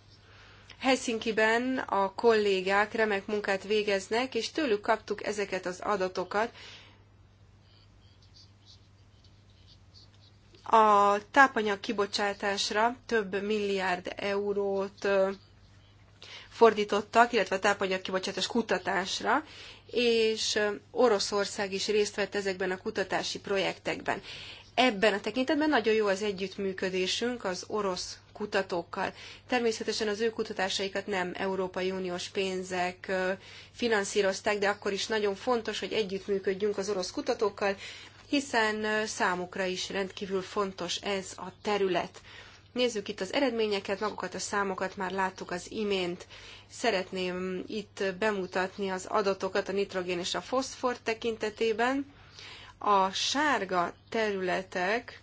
Helsinki-ben a kollégák remek munkát végeznek, és tőlük kaptuk ezeket az adatokat, a tápanyag kibocsátásra több milliárd eurót fordítottak, illetve a tápanyag kibocsátás kutatásra, és Oroszország is részt vett ezekben a kutatási projektekben. Ebben a tekintetben nagyon jó az együttműködésünk az orosz kutatókkal. Természetesen az ő kutatásaikat nem Európai Uniós pénzek finanszírozták, de akkor is nagyon fontos, hogy együttműködjünk az orosz kutatókkal, hiszen számukra is rendkívül fontos ez a terület. Nézzük itt az eredményeket, magukat a számokat már láttuk az imént. Szeretném itt bemutatni az adatokat a nitrogén és a foszfor tekintetében. A sárga területek,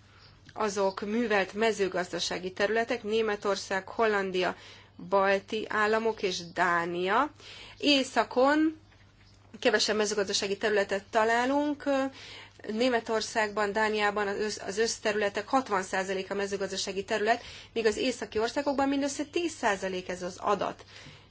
azok művelt mezőgazdasági területek, Németország, Hollandia, balti államok és Dánia. Északon kevesebb mezőgazdasági területet találunk, Németországban, Dániában az összterületek 60% a mezőgazdasági terület, míg az északi országokban mindössze 10% ez az adat.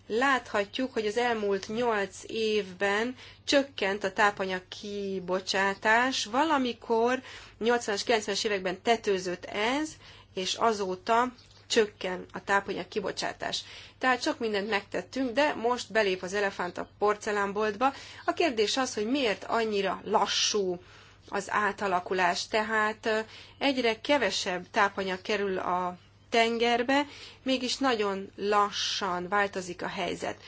Láthatjuk, hogy az elmúlt 8 évben csökkent a tápanyag kibocsátás, valamikor 80-as, 90-es években tetőzött ez, és azóta csökken a tápanyag kibocsátás. Tehát sok mindent megtettünk, de most belép az elefánt a porcelánboltba. A kérdés az, hogy miért annyira lassú az átalakulás. Tehát egyre kevesebb tápanyag kerül a tengerbe, mégis nagyon lassan változik a helyzet.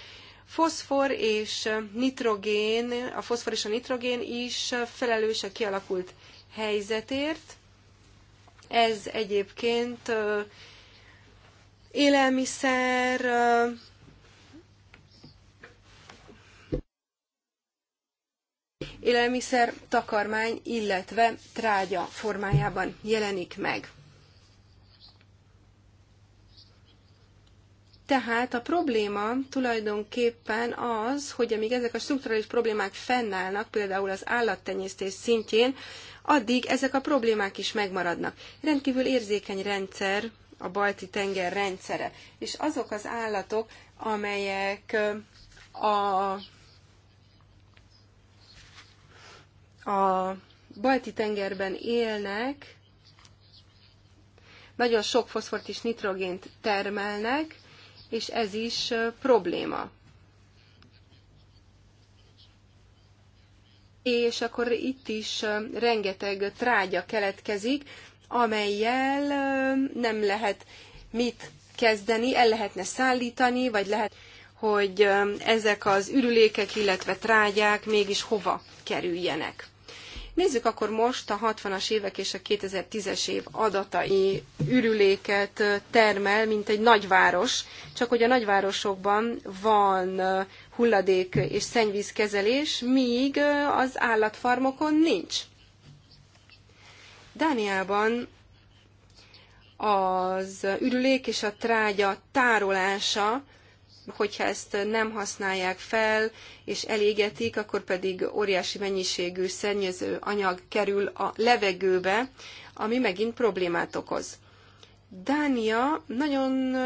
Foszfor és nitrogén, a foszfor és a nitrogén is felelős a kialakult helyzetért. Ez egyébként élelmiszer, élelmiszer, takarmány, illetve trágya formájában jelenik meg. Tehát a probléma tulajdonképpen az, hogy amíg ezek a strukturális problémák fennállnak, például az állattenyésztés szintjén, addig ezek a problémák is megmaradnak. Rendkívül érzékeny rendszer a balti tenger rendszere, és azok az állatok, amelyek a a balti tengerben élnek, nagyon sok foszfort és nitrogént termelnek, és ez is probléma. És akkor itt is rengeteg trágya keletkezik, amelyel nem lehet mit kezdeni, el lehetne szállítani, vagy lehet hogy ezek az ürülékek, illetve trágyák mégis hova kerüljenek. Nézzük akkor most a 60-as évek és a 2010-es év adatai ürüléket termel, mint egy nagyváros, csak hogy a nagyvárosokban van hulladék és szennyvízkezelés, míg az állatfarmokon nincs. Dániában az ürülék és a trágya tárolása hogyha ezt nem használják fel és elégetik, akkor pedig óriási mennyiségű szennyező anyag kerül a levegőbe, ami megint problémát okoz. Dánia nagyon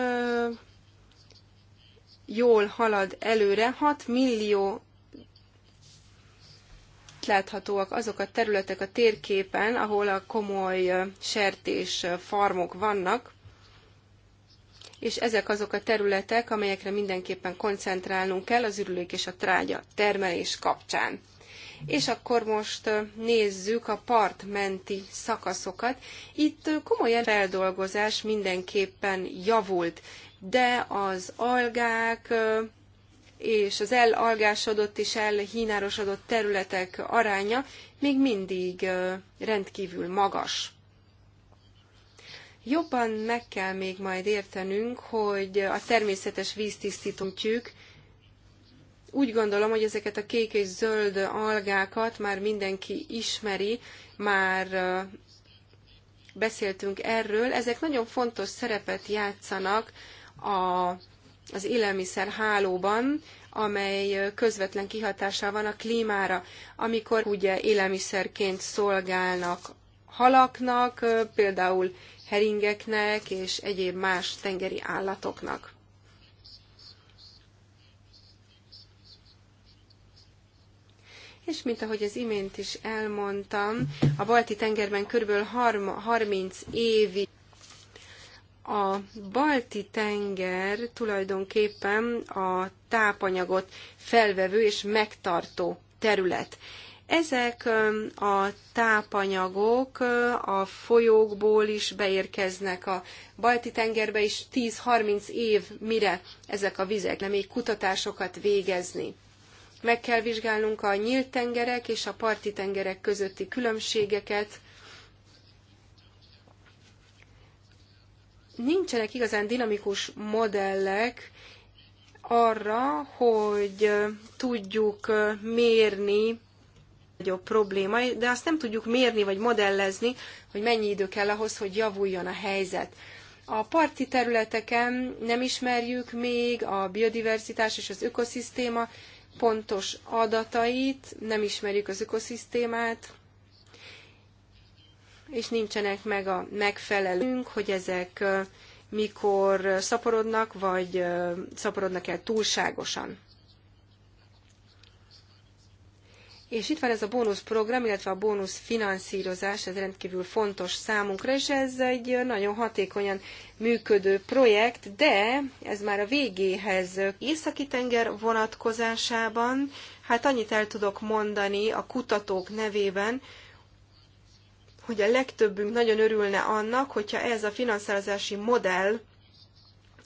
jól halad előre, 6 millió láthatóak azok a területek a térképen, ahol a komoly sertés farmok vannak, és ezek azok a területek, amelyekre mindenképpen koncentrálnunk kell az ürülék és a trágya termelés kapcsán. És akkor most nézzük a part menti szakaszokat. Itt komoly feldolgozás mindenképpen javult, de az algák és az elalgásodott és elhínárosodott területek aránya még mindig rendkívül magas. Jobban meg kell még majd értenünk, hogy a természetes víztisztítótjük, úgy gondolom, hogy ezeket a kék és zöld algákat már mindenki ismeri, már beszéltünk erről. Ezek nagyon fontos szerepet játszanak a, az élelmiszer hálóban, amely közvetlen kihatással van a klímára, amikor ugye élelmiszerként szolgálnak halaknak, például heringeknek és egyéb más tengeri állatoknak. És mint ahogy az imént is elmondtam, a balti tengerben kb. 30 évi a balti tenger tulajdonképpen a tápanyagot felvevő és megtartó terület. Ezek a tápanyagok a folyókból is beérkeznek a balti tengerbe, és 10-30 év mire ezek a vizek nem még kutatásokat végezni. Meg kell vizsgálnunk a nyílt tengerek és a parti tengerek közötti különbségeket, nincsenek igazán dinamikus modellek arra, hogy tudjuk mérni legnagyobb probléma, de azt nem tudjuk mérni vagy modellezni, hogy mennyi idő kell ahhoz, hogy javuljon a helyzet. A parti területeken nem ismerjük még a biodiverzitás és az ökoszisztéma pontos adatait, nem ismerjük az ökoszisztémát, és nincsenek meg a megfelelőnk, hogy ezek mikor szaporodnak, vagy szaporodnak el túlságosan. És itt van ez a bónuszprogram, illetve a bónusz finanszírozás, ez rendkívül fontos számunkra, és ez egy nagyon hatékonyan működő projekt, de ez már a végéhez Északi-tenger vonatkozásában, hát annyit el tudok mondani a kutatók nevében, hogy a legtöbbünk nagyon örülne annak, hogyha ez a finanszírozási modell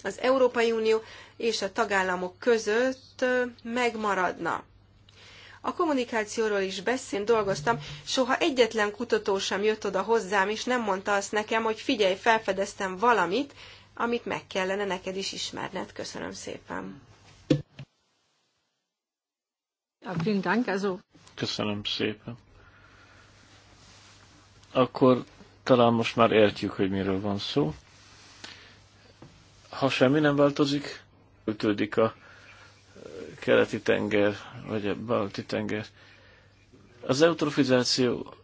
az Európai Unió és a tagállamok között megmaradna. A kommunikációról is beszélni dolgoztam, soha egyetlen kutató sem jött oda hozzám, és nem mondta azt nekem, hogy figyelj, felfedeztem valamit, amit meg kellene neked is ismerned. Köszönöm szépen. Köszönöm szépen. Akkor talán most már értjük, hogy miről van szó. Ha semmi nem változik, ötödik a keleti tenger, vagy a balti tenger. Az eutrofizáció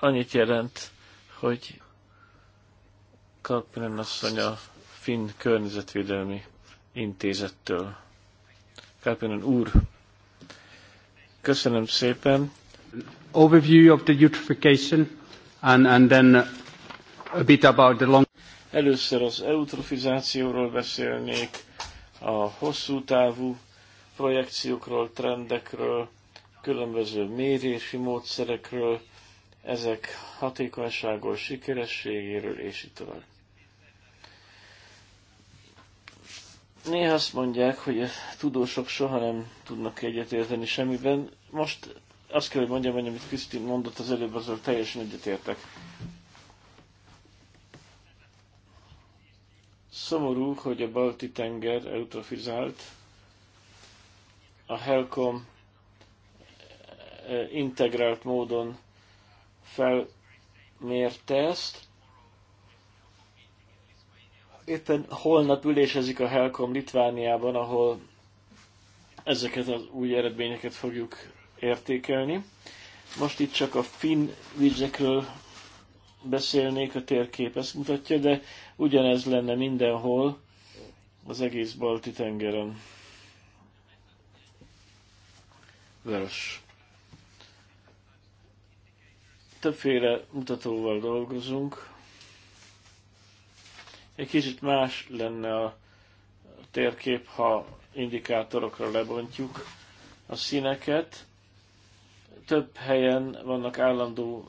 annyit jelent, hogy Kalpinen asszony a Finn Környezetvédelmi Intézettől. Kalpinen úr, köszönöm szépen. Overview of the eutrophication and, and then a bit about the long... Először az eutrofizációról beszélnék, a hosszú távú projekciókról, trendekről, különböző mérési módszerekről, ezek hatékonyságos sikerességéről, és így tovább. Néha azt mondják, hogy a tudósok soha nem tudnak egyetérteni semmiben. Most azt kell, hogy mondjam, hogy amit Krisztin mondott az előbb, azzal teljesen egyetértek. Szomorú, hogy a Balti-tenger eutrofizált, a Helcom eh, integrált módon felmérte ezt. Éppen holnap ülésezik a Helcom Litvániában, ahol ezeket az új eredményeket fogjuk értékelni. Most itt csak a finn vizekről beszélnék, a térkép ezt mutatja, de Ugyanez lenne mindenhol az egész balti tengeren. Vörös. Többféle mutatóval dolgozunk. Egy kicsit más lenne a térkép, ha indikátorokra lebontjuk a színeket. Több helyen vannak állandó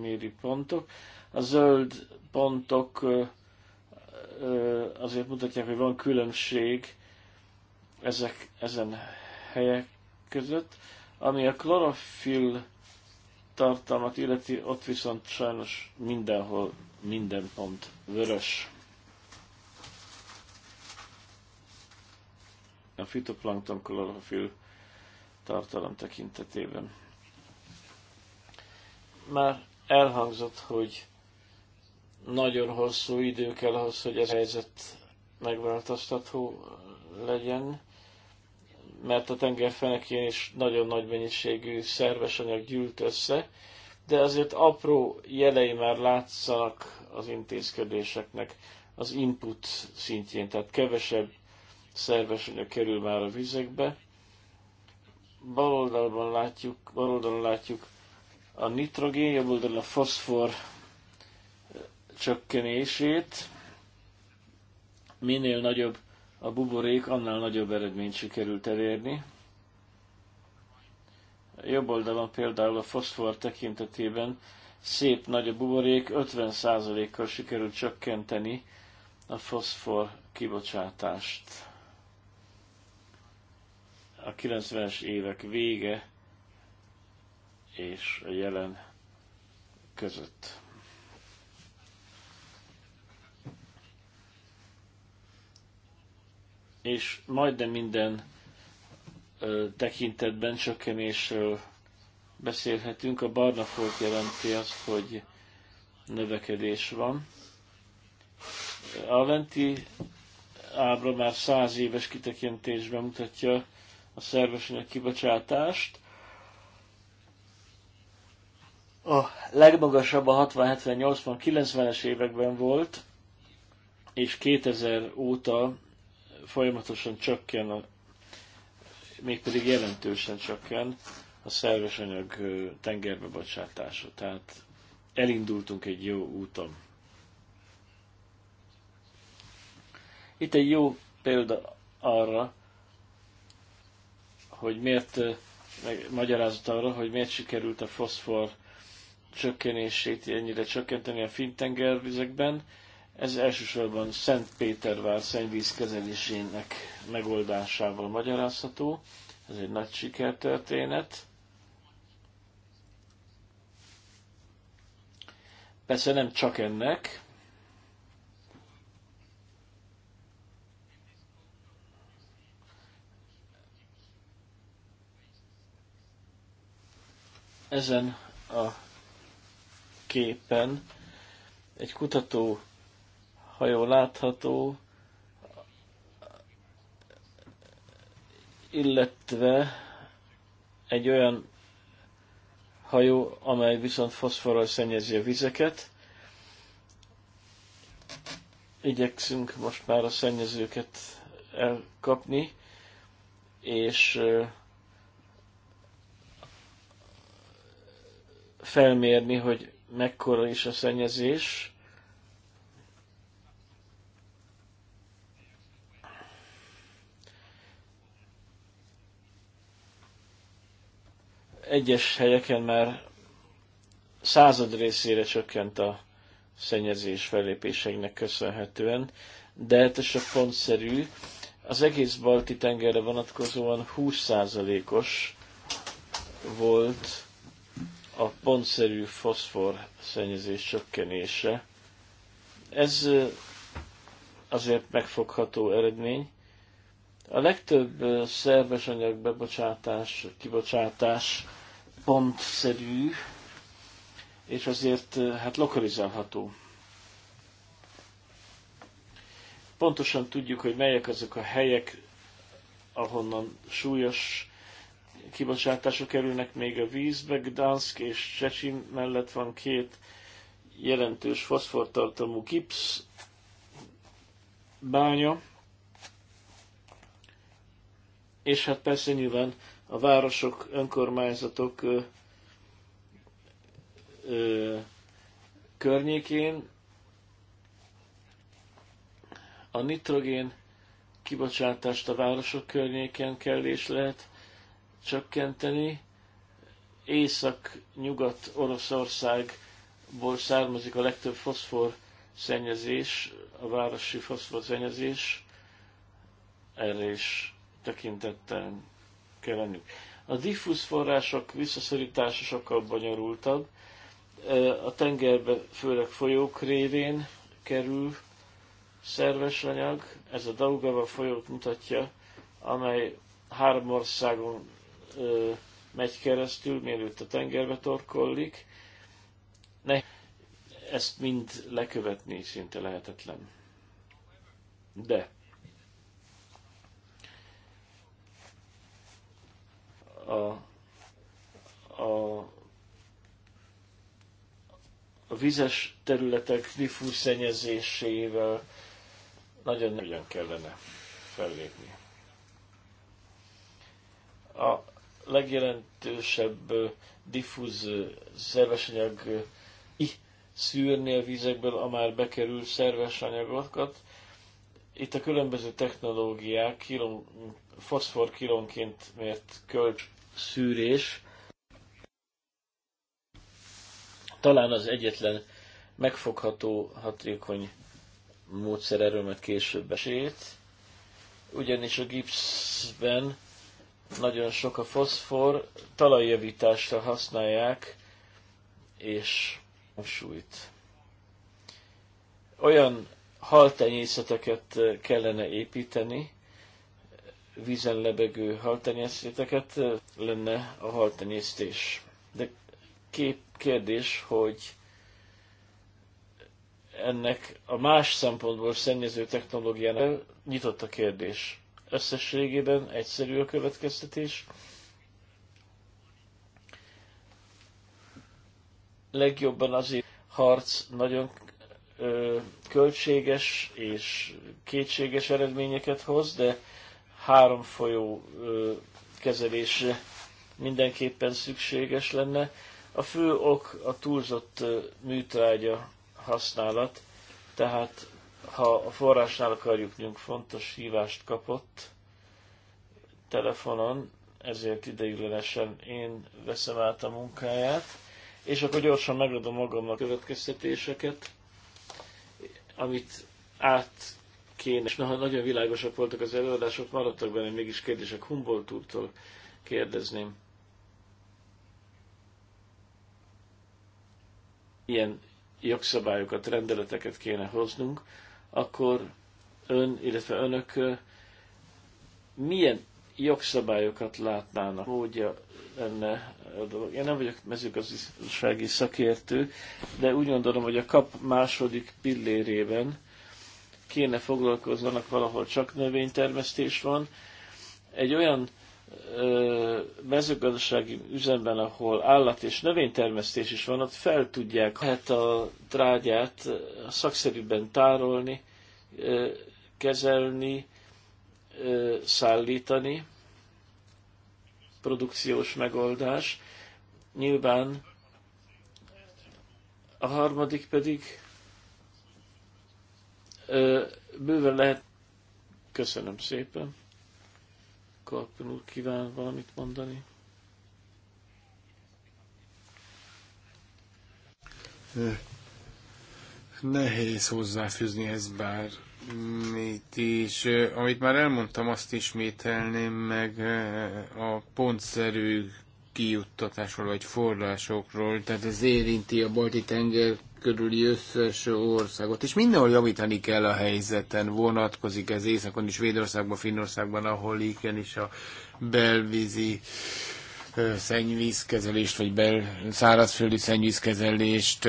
méri pontok. A zöld pontok azért mutatják, hogy van különbség ezek, ezen helyek között. Ami a klorofil tartalmat illeti, ott viszont sajnos mindenhol minden pont vörös. A fitoplankton klorofil tartalom tekintetében. Már elhangzott, hogy nagyon hosszú idő kell ahhoz, hogy ez a helyzet megváltoztató legyen, mert a tengerfenekén is nagyon nagy mennyiségű szerves anyag gyűlt össze, de azért apró jelei már látszanak az intézkedéseknek az input szintjén, tehát kevesebb szerves anyag kerül már a vizekbe. Bal oldalban látjuk, bal oldalon látjuk a nitrogén, jobb oldalon a foszfor csökkenését. Minél nagyobb a buborék, annál nagyobb eredményt sikerült elérni. A jobb oldalon például a foszfor tekintetében szép nagy a buborék, 50%-kal sikerült csökkenteni a foszfor kibocsátást. A 90-es évek vége és a jelen között. és majdnem minden ö, tekintetben csökkenésről beszélhetünk. A barna folt jelenti azt, hogy növekedés van. A lenti ábra már száz éves kitekintésben mutatja a szervesének kibocsátást. A legmagasabb a 60, 70, 80, 90-es években volt, és 2000 óta folyamatosan csökken, a, mégpedig jelentősen csökken a szerves anyag tengerbe bocsátása. Tehát elindultunk egy jó úton. Itt egy jó példa arra, hogy miért, meg magyarázat arra, hogy miért sikerült a foszfor csökkenését ennyire csökkenteni a fintengervizekben. tengervizekben. Ez elsősorban Szentpétervár szennyvízkezelésének megoldásával magyarázható. Ez egy nagy sikertörténet. Persze nem csak ennek. Ezen a képen egy kutató ha jól látható, illetve egy olyan hajó, amely viszont foszforral szennyezi a vizeket. Igyekszünk most már a szennyezőket elkapni, és felmérni, hogy mekkora is a szennyezés, egyes helyeken már század részére csökkent a szennyezés fellépéseinek köszönhetően, de hát ez csak pontszerű. Az egész balti tengerre vonatkozóan 20%-os volt a pontszerű foszfor szennyezés csökkenése. Ez azért megfogható eredmény, a legtöbb szerves anyag bebocsátás, kibocsátás pontszerű, és azért hát lokalizálható. Pontosan tudjuk, hogy melyek azok a helyek, ahonnan súlyos kibocsátások kerülnek még a vízbe. Gdansk és Csecsin mellett van két jelentős foszfortartalmú gipsz bánya, és hát persze nyilván a városok, önkormányzatok ö, ö, környékén a nitrogén kibocsátást a városok környéken kell és lehet csökkenteni. Észak-nyugat Oroszországból származik a legtöbb foszfor szennyezés, a városi foszfor szennyezés, erre is tekintettel kell lennünk. A diffúz források visszaszorítása sokkal bonyolultabb. A tengerbe, főleg folyók révén kerül szerves anyag. Ez a Daugava folyót mutatja, amely három országon ö, megy keresztül, mielőtt a tengerbe torkollik. Ne, ezt mind lekövetni szinte lehetetlen. De a, a, a vizes területek diffúz szennyezésével nagyon nagyon kellene fellépni. A legjelentősebb diffúz szerves anyag i szűrni a vízekből a már bekerült szerves anyagokat. Itt a különböző technológiák kilom, foszfor kilónként mért kölcs szűrés talán az egyetlen megfogható, hatékony módszer, erről majd később esélyt, ugyanis a gipszben nagyon sok a foszfor, talajjavításra használják, és súlyt. Olyan haltenyészeteket kellene építeni, vízen lebegő haltenyésztéteket lenne a haltenyésztés. De kép kérdés, hogy ennek a más szempontból szennyező technológiának nyitott a kérdés. Összességében egyszerű a következtetés. Legjobban azért harc nagyon költséges és kétséges eredményeket hoz, de három folyó kezelése mindenképpen szükséges lenne. A fő ok a túlzott műtrágya használat, tehát ha a forrásnál akarjuk nyunk, fontos hívást kapott telefonon, ezért ideiglenesen én veszem át a munkáját, és akkor gyorsan megadom magamnak következtetéseket, amit át kéne. És noha nagyon világosak voltak az előadások, maradtak benne mégis kérdések. Humboldt úrtól kérdezném. Ilyen jogszabályokat, rendeleteket kéne hoznunk, akkor ön, illetve önök milyen jogszabályokat látnának, hogy lenne a dolog. Én nem vagyok mezőgazdasági szakértő, de úgy gondolom, hogy a kap második pillérében kéne foglalkozzanak, valahol csak növénytermesztés van. Egy olyan ö, mezőgazdasági üzemben, ahol állat és növénytermesztés is van, ott fel tudják lehet a trágyát szakszerűbben tárolni, ö, kezelni, ö, szállítani, produkciós megoldás. Nyilván a harmadik pedig bőven lehet. Köszönöm szépen. Karpen úr kíván valamit mondani. Nehéz hozzáfűzni ez bár mit is. Amit már elmondtam, azt ismételném meg a pontszerű kijuttatásról vagy forrásokról. Tehát ez érinti a balti tenger körüli összes országot, és mindenhol javítani kell a helyzeten, vonatkozik ez északon is, Védországban, Finnországban, ahol igen is a belvízi szennyvízkezelést, vagy bel, szárazföldi szennyvízkezelést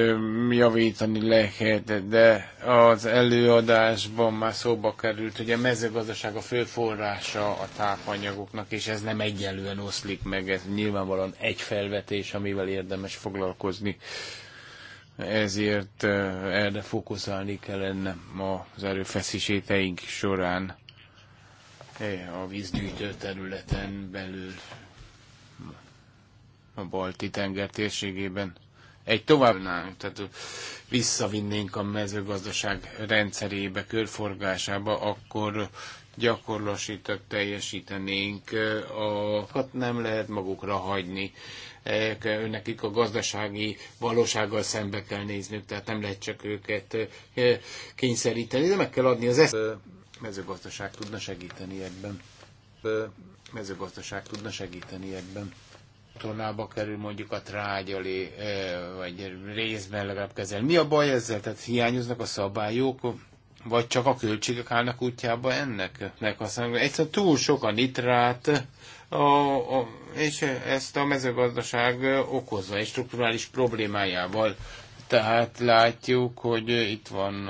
javítani lehet, de az előadásban már szóba került, hogy a mezőgazdaság a fő forrása a tápanyagoknak, és ez nem egyenlően oszlik meg, ez nyilvánvalóan egy felvetés, amivel érdemes foglalkozni ezért erre fókuszálni kellene ma, az erőfeszítéseink során e, a vízgyűjtő területen belül a balti tenger térségében. Egy tovább, tehát visszavinnénk a mezőgazdaság rendszerébe, körforgásába, akkor gyakorlósítak teljesítenénk, a, nem lehet magukra hagyni nekik a gazdasági valósággal szembe kell nézniük, tehát nem lehet csak őket kényszeríteni, de meg kell adni az ezt. Mezőgazdaság tudna segíteni ebben. Mezőgazdaság tudna segíteni ebben tornába kerül mondjuk a trágyali, vagy részben legalább kezel. Mi a baj ezzel? Tehát hiányoznak a szabályok, vagy csak a költségek állnak útjába ennek? Meghasználni. Egyszerűen túl sok a nitrát, a, a, és ezt a mezőgazdaság okozza és strukturális problémájával. Tehát látjuk, hogy itt van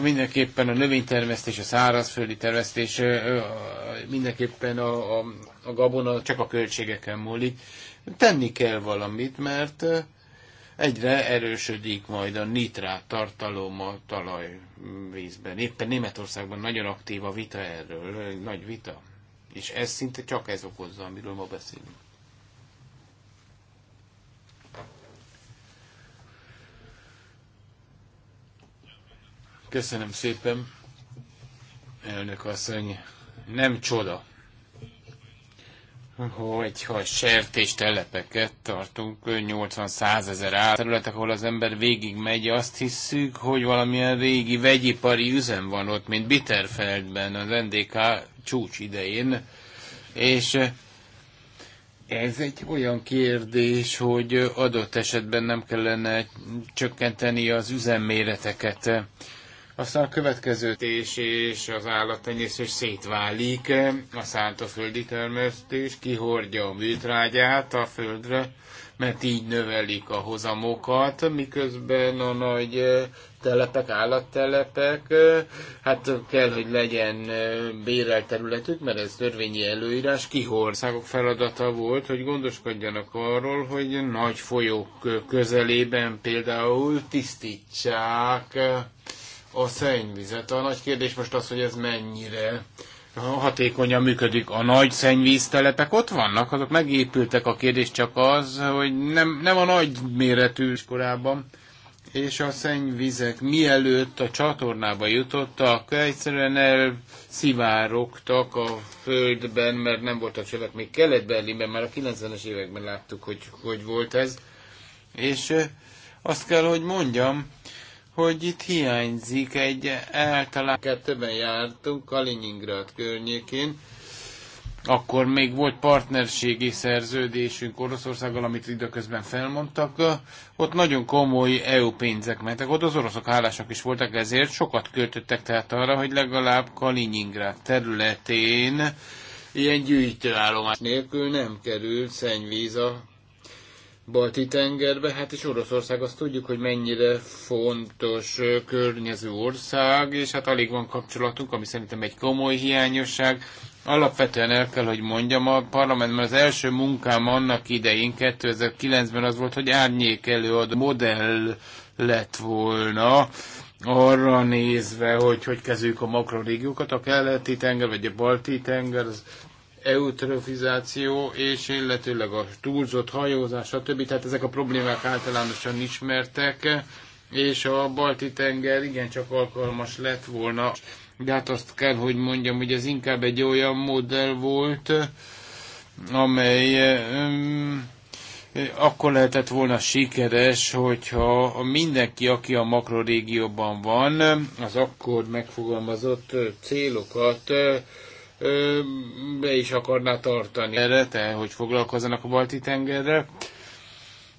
mindenképpen a növénytermesztés, a szárazföldi termesztés, mindenképpen a, a, a gabona csak a költségeken múlik. Tenni kell valamit, mert egyre erősödik majd a nitrát tartalom a talajvízben. Éppen Németországban nagyon aktív a vita erről, egy nagy vita. És ez szinte csak ez okozza, amiről ma beszélünk. Köszönöm szépen, elnök asszony. Nem csoda, hogyha sertés telepeket tartunk, 80-100 ezer áll területek, ahol az ember végig megy, azt hiszük, hogy valamilyen régi vegyipari üzem van ott, mint Bitterfeldben az NDK csúcs idején, és eh, ez egy olyan kérdés, hogy adott esetben nem kellene csökkenteni az üzemméreteket aztán a következő tés és az állattenyésztés szétválik, a szántóföldi termesztés kihordja a műtrágyát a földre, mert így növelik a hozamokat, miközben a nagy telepek, állattelepek, hát kell, hogy legyen bérelt területük, mert ez törvényi előírás, kihországok feladata volt, hogy gondoskodjanak arról, hogy nagy folyók közelében például tisztítsák a szennyvizet. A nagy kérdés most az, hogy ez mennyire hatékonyan működik. A nagy szennyvíztelepek ott vannak, azok megépültek. A kérdés csak az, hogy nem, nem a nagy méretű iskolában, és a szennyvizek mielőtt a csatornába jutottak, egyszerűen elszivárogtak a földben, mert nem voltak a csövek. Még Kelet-Berlinben már a 90-es években láttuk, hogy hogy volt ez. És azt kell, hogy mondjam, hogy itt hiányzik egy eltalán... Többen jártunk Kaliningrad környékén, akkor még volt partnerségi szerződésünk Oroszországgal, amit időközben felmondtak. Ott nagyon komoly EU pénzek mentek. Ott az oroszok hálásak is voltak ezért, sokat költöttek tehát arra, hogy legalább Kaliningrad területén ilyen gyűjtőállomás nélkül nem került szennyvíz a balti tengerbe, hát és Oroszország azt tudjuk, hogy mennyire fontos környező ország, és hát alig van kapcsolatunk, ami szerintem egy komoly hiányosság. Alapvetően el kell, hogy mondjam, a parlamentben az első munkám annak idején, 2009-ben az volt, hogy árnyék előadó modell lett volna, arra nézve, hogy hogy kezeljük a makrorégiókat, a keleti tenger vagy a balti tenger, az eutrofizáció, és illetőleg a túlzott hajózás, stb. Tehát ezek a problémák általánosan ismertek, és a balti tenger igencsak alkalmas lett volna. De hát azt kell, hogy mondjam, hogy ez inkább egy olyan modell volt, amely um, akkor lehetett volna sikeres, hogyha mindenki, aki a makrorégióban van, az akkor megfogalmazott célokat be is akarná tartani. Erre, te, hogy foglalkozzanak a balti tengerrel.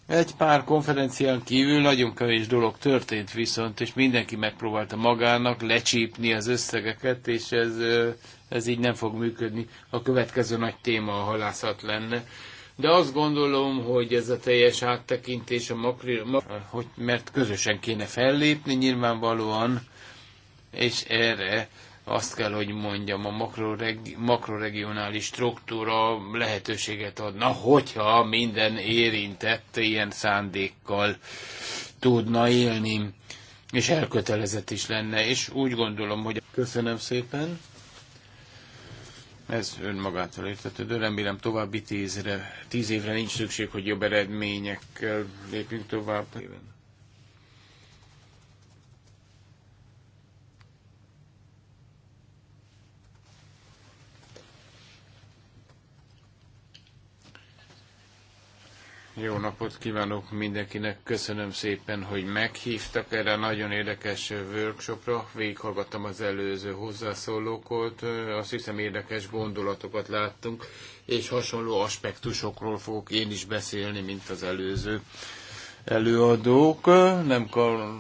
Egy pár konferencián kívül nagyon kevés dolog történt viszont, és mindenki megpróbálta magának lecsípni az összegeket, és ez, ez így nem fog működni. A következő nagy téma a halászat lenne. De azt gondolom, hogy ez a teljes áttekintés a makri, hogy mert közösen kéne fellépni nyilvánvalóan, és erre azt kell, hogy mondjam, a makroregi, makroregionális struktúra lehetőséget adna, hogyha minden érintett ilyen szándékkal tudna élni, és elkötelezett is lenne, és úgy gondolom, hogy köszönöm szépen. Ez önmagától értetődő. Remélem további tízre, tíz évre nincs szükség, hogy jobb eredményekkel lépjünk tovább. Jó napot kívánok mindenkinek, köszönöm szépen, hogy meghívtak erre a nagyon érdekes workshopra. Végighallgattam az előző hozzászólókot, azt hiszem érdekes gondolatokat láttunk, és hasonló aspektusokról fogok én is beszélni, mint az előző előadók. Nem kell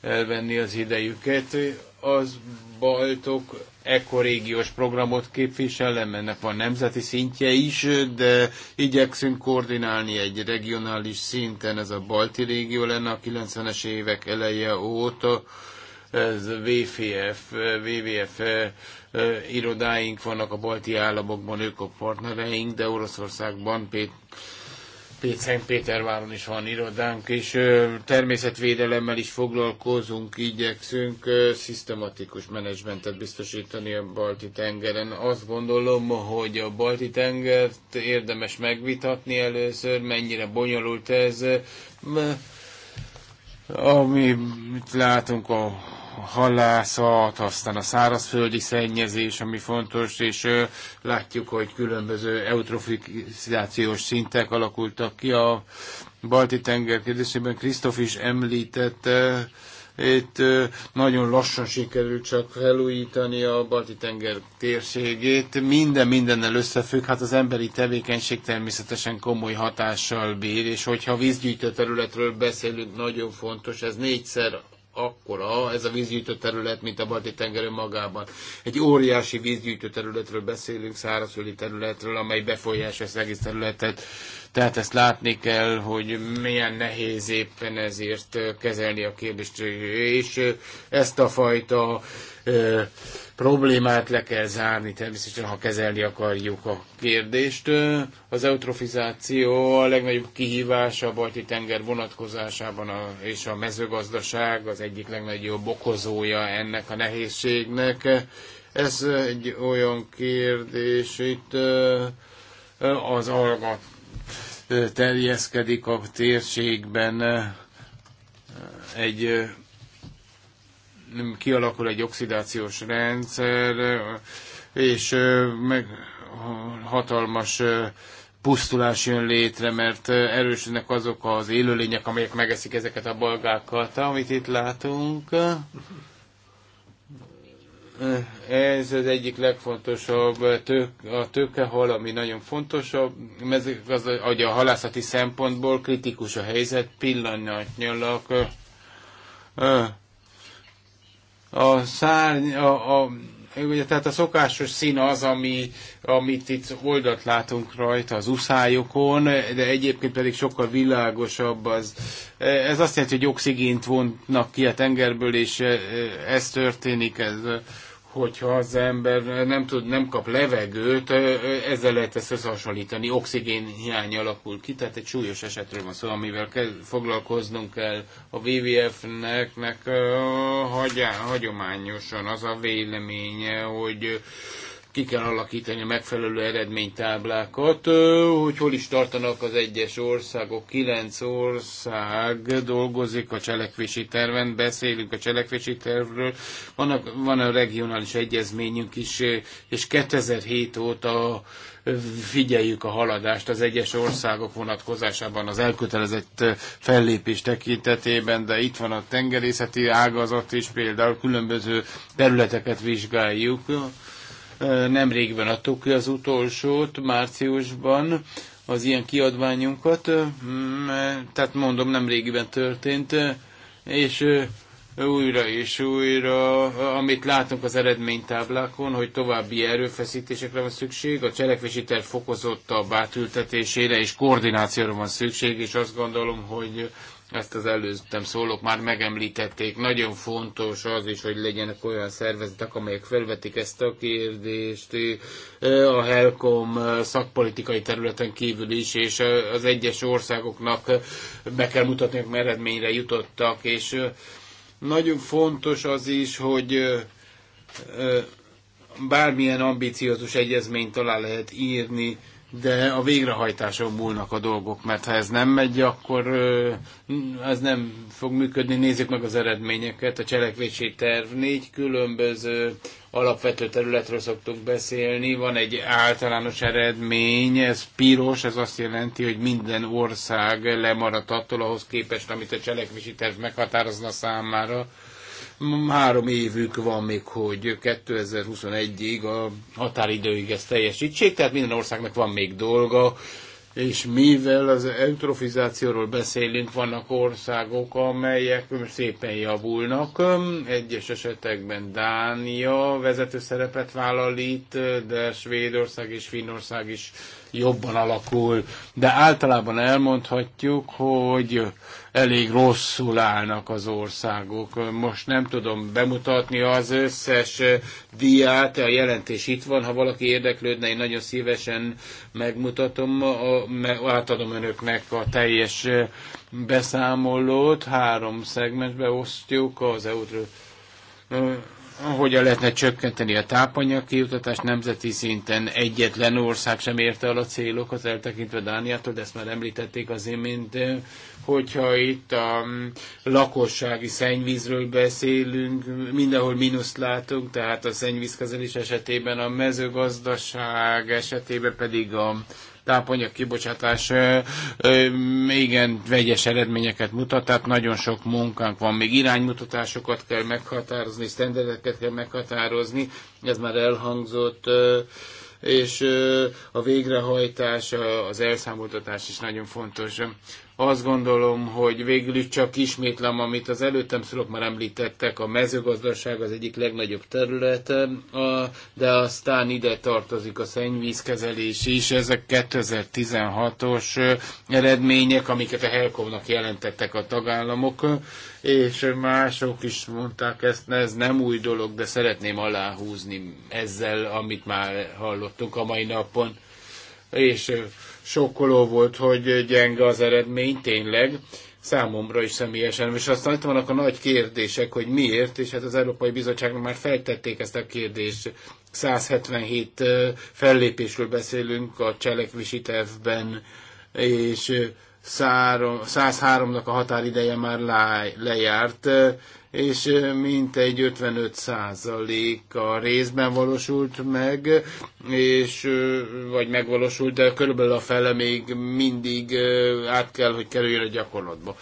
elvenni az idejüket. Az baltok ekorégiós programot képviselem, ennek van nemzeti szintje is, de igyekszünk koordinálni egy regionális szinten, ez a balti régió lenne a 90-es évek eleje óta, ez VFF, VVF eh, eh, irodáink vannak a balti államokban, ők a partnereink, de Oroszországban Szent Péterváron is van irodánk, és természetvédelemmel is foglalkozunk, igyekszünk szisztematikus menedzsmentet biztosítani a balti tengeren. Azt gondolom, hogy a balti tengert érdemes megvitatni először, mennyire bonyolult ez. Amit látunk a halászat, aztán a szárazföldi szennyezés, ami fontos, és látjuk, hogy különböző eutrofizációs szintek alakultak ki a balti tenger kérdésében. Krisztof is említette, itt nagyon lassan sikerült csak felújítani a Balti-tenger térségét. Minden mindennel összefügg, hát az emberi tevékenység természetesen komoly hatással bír, és hogyha vízgyűjtő területről beszélünk, nagyon fontos, ez négyszer akkora ez a vízgyűjtő terület, mint a balti tenger magában. Egy óriási vízgyűjtő területről beszélünk, szárazföldi területről, amely befolyásolja az egész területet. Tehát ezt látni kell, hogy milyen nehéz éppen ezért kezelni a kérdést, és ezt a fajta problémát le kell zárni, természetesen, ha kezelni akarjuk a kérdést. Az eutrofizáció a legnagyobb kihívása a balti tenger vonatkozásában, a, és a mezőgazdaság az egyik legnagyobb okozója ennek a nehézségnek. Ez egy olyan kérdés itt eh, az alga terjeszkedik a térségben eh, egy eh, kialakul egy oxidációs rendszer, és meg hatalmas pusztulás jön létre, mert erősödnek azok az élőlények, amelyek megeszik ezeket a balgákat, amit itt látunk. Ez az egyik legfontosabb tök, a tőkehal, ami nagyon fontos, a, az, hogy a halászati szempontból kritikus a helyzet pillanatnyilag. A szárny, a, a, ugye, tehát a szokásos szín az, ami, amit itt oldat látunk rajta az uszályokon, de egyébként pedig sokkal világosabb az. Ez azt jelenti, hogy oxigént vontnak ki a tengerből, és e, e, ez történik, ez hogyha az ember nem tud, nem kap levegőt, ezzel lehet ezt összehasonlítani, oxigén hiány alakul ki, tehát egy súlyos esetről van szó, amivel kell, foglalkoznunk kell a WWF-nek, nek, hagyá, hagyományosan az a véleménye, hogy ki kell alakítani a megfelelő eredménytáblákat, hogy hol is tartanak az egyes országok. Kilenc ország dolgozik a cselekvési terven, beszélünk a cselekvési tervről, Van a, van a regionális egyezményünk is, és 2007 óta figyeljük a haladást az egyes országok vonatkozásában az elkötelezett fellépés tekintetében, de itt van a tengerészeti ágazat is, például különböző területeket vizsgáljuk Nemrégben adtuk ki az utolsót, márciusban az ilyen kiadványunkat, e, tehát mondom, nem régiben történt, és újra és újra, amit látunk az eredménytáblákon, hogy további erőfeszítésekre van szükség, a cselekvési terv fokozottabb átültetésére és koordinációra van szükség, és azt gondolom, hogy ezt az előttem szólók már megemlítették. Nagyon fontos az is, hogy legyenek olyan szervezetek, amelyek felvetik ezt a kérdést a Helcom szakpolitikai területen kívül is, és az egyes országoknak be kell mutatni, hogy eredményre jutottak, és nagyon fontos az is, hogy bármilyen ambiciózus egyezményt alá lehet írni, de a végrehajtáson múlnak a dolgok, mert ha ez nem megy, akkor ez nem fog működni. Nézzük meg az eredményeket. A cselekvési terv négy különböző alapvető területről szoktunk beszélni. Van egy általános eredmény, ez piros, ez azt jelenti, hogy minden ország lemaradt attól ahhoz képest, amit a cselekvési terv meghatározna számára Három évük van még, hogy 2021-ig a határidőig ezt teljesítsék, tehát minden országnak van még dolga, és mivel az eutrofizációról beszélünk, vannak országok, amelyek szépen javulnak. Egyes esetekben Dánia vezető szerepet vállal itt, de Svédország és Finnország is jobban alakul. De általában elmondhatjuk, hogy elég rosszul állnak az országok. Most nem tudom bemutatni az összes diát, a jelentés itt van, ha valaki érdeklődne, én nagyon szívesen megmutatom, átadom önöknek a teljes beszámolót, három szegmensbe osztjuk az eutró hogyan lehetne csökkenteni a tápanyag kijutatást nemzeti szinten. Egyetlen ország sem érte el a célokat, eltekintve Dániától, de ezt már említették az imént hogyha itt a lakossági szennyvízről beszélünk, mindenhol mínuszt látunk, tehát a szennyvízkezelés esetében, a mezőgazdaság esetében pedig a tápanyag kibocsátás igen vegyes eredményeket mutat, tehát nagyon sok munkánk van, még iránymutatásokat kell meghatározni, sztenderdeket kell meghatározni, ez már elhangzott, és a végrehajtás, az elszámoltatás is nagyon fontos. Azt gondolom, hogy végül is csak ismétlem, amit az előttem szülők már említettek, a mezőgazdaság az egyik legnagyobb terület, de aztán ide tartozik a szennyvízkezelés is. Ezek 2016-os eredmények, amiket a Helkomnak jelentettek a tagállamok, és mások is mondták ezt, ez nem új dolog, de szeretném aláhúzni ezzel, amit már hallottunk a mai napon. És sokkoló volt, hogy gyenge az eredmény, tényleg, számomra is személyesen. És aztán itt vannak a nagy kérdések, hogy miért, és hát az Európai Bizottságnak már feltették ezt a kérdést. 177 fellépésről beszélünk a cselekvési tervben, és 103-nak a határideje már lejárt, és mintegy 55 százalék a részben valósult meg, és vagy megvalósult, de körülbelül a fele még mindig át kell, hogy kerüljön a gyakorlatba.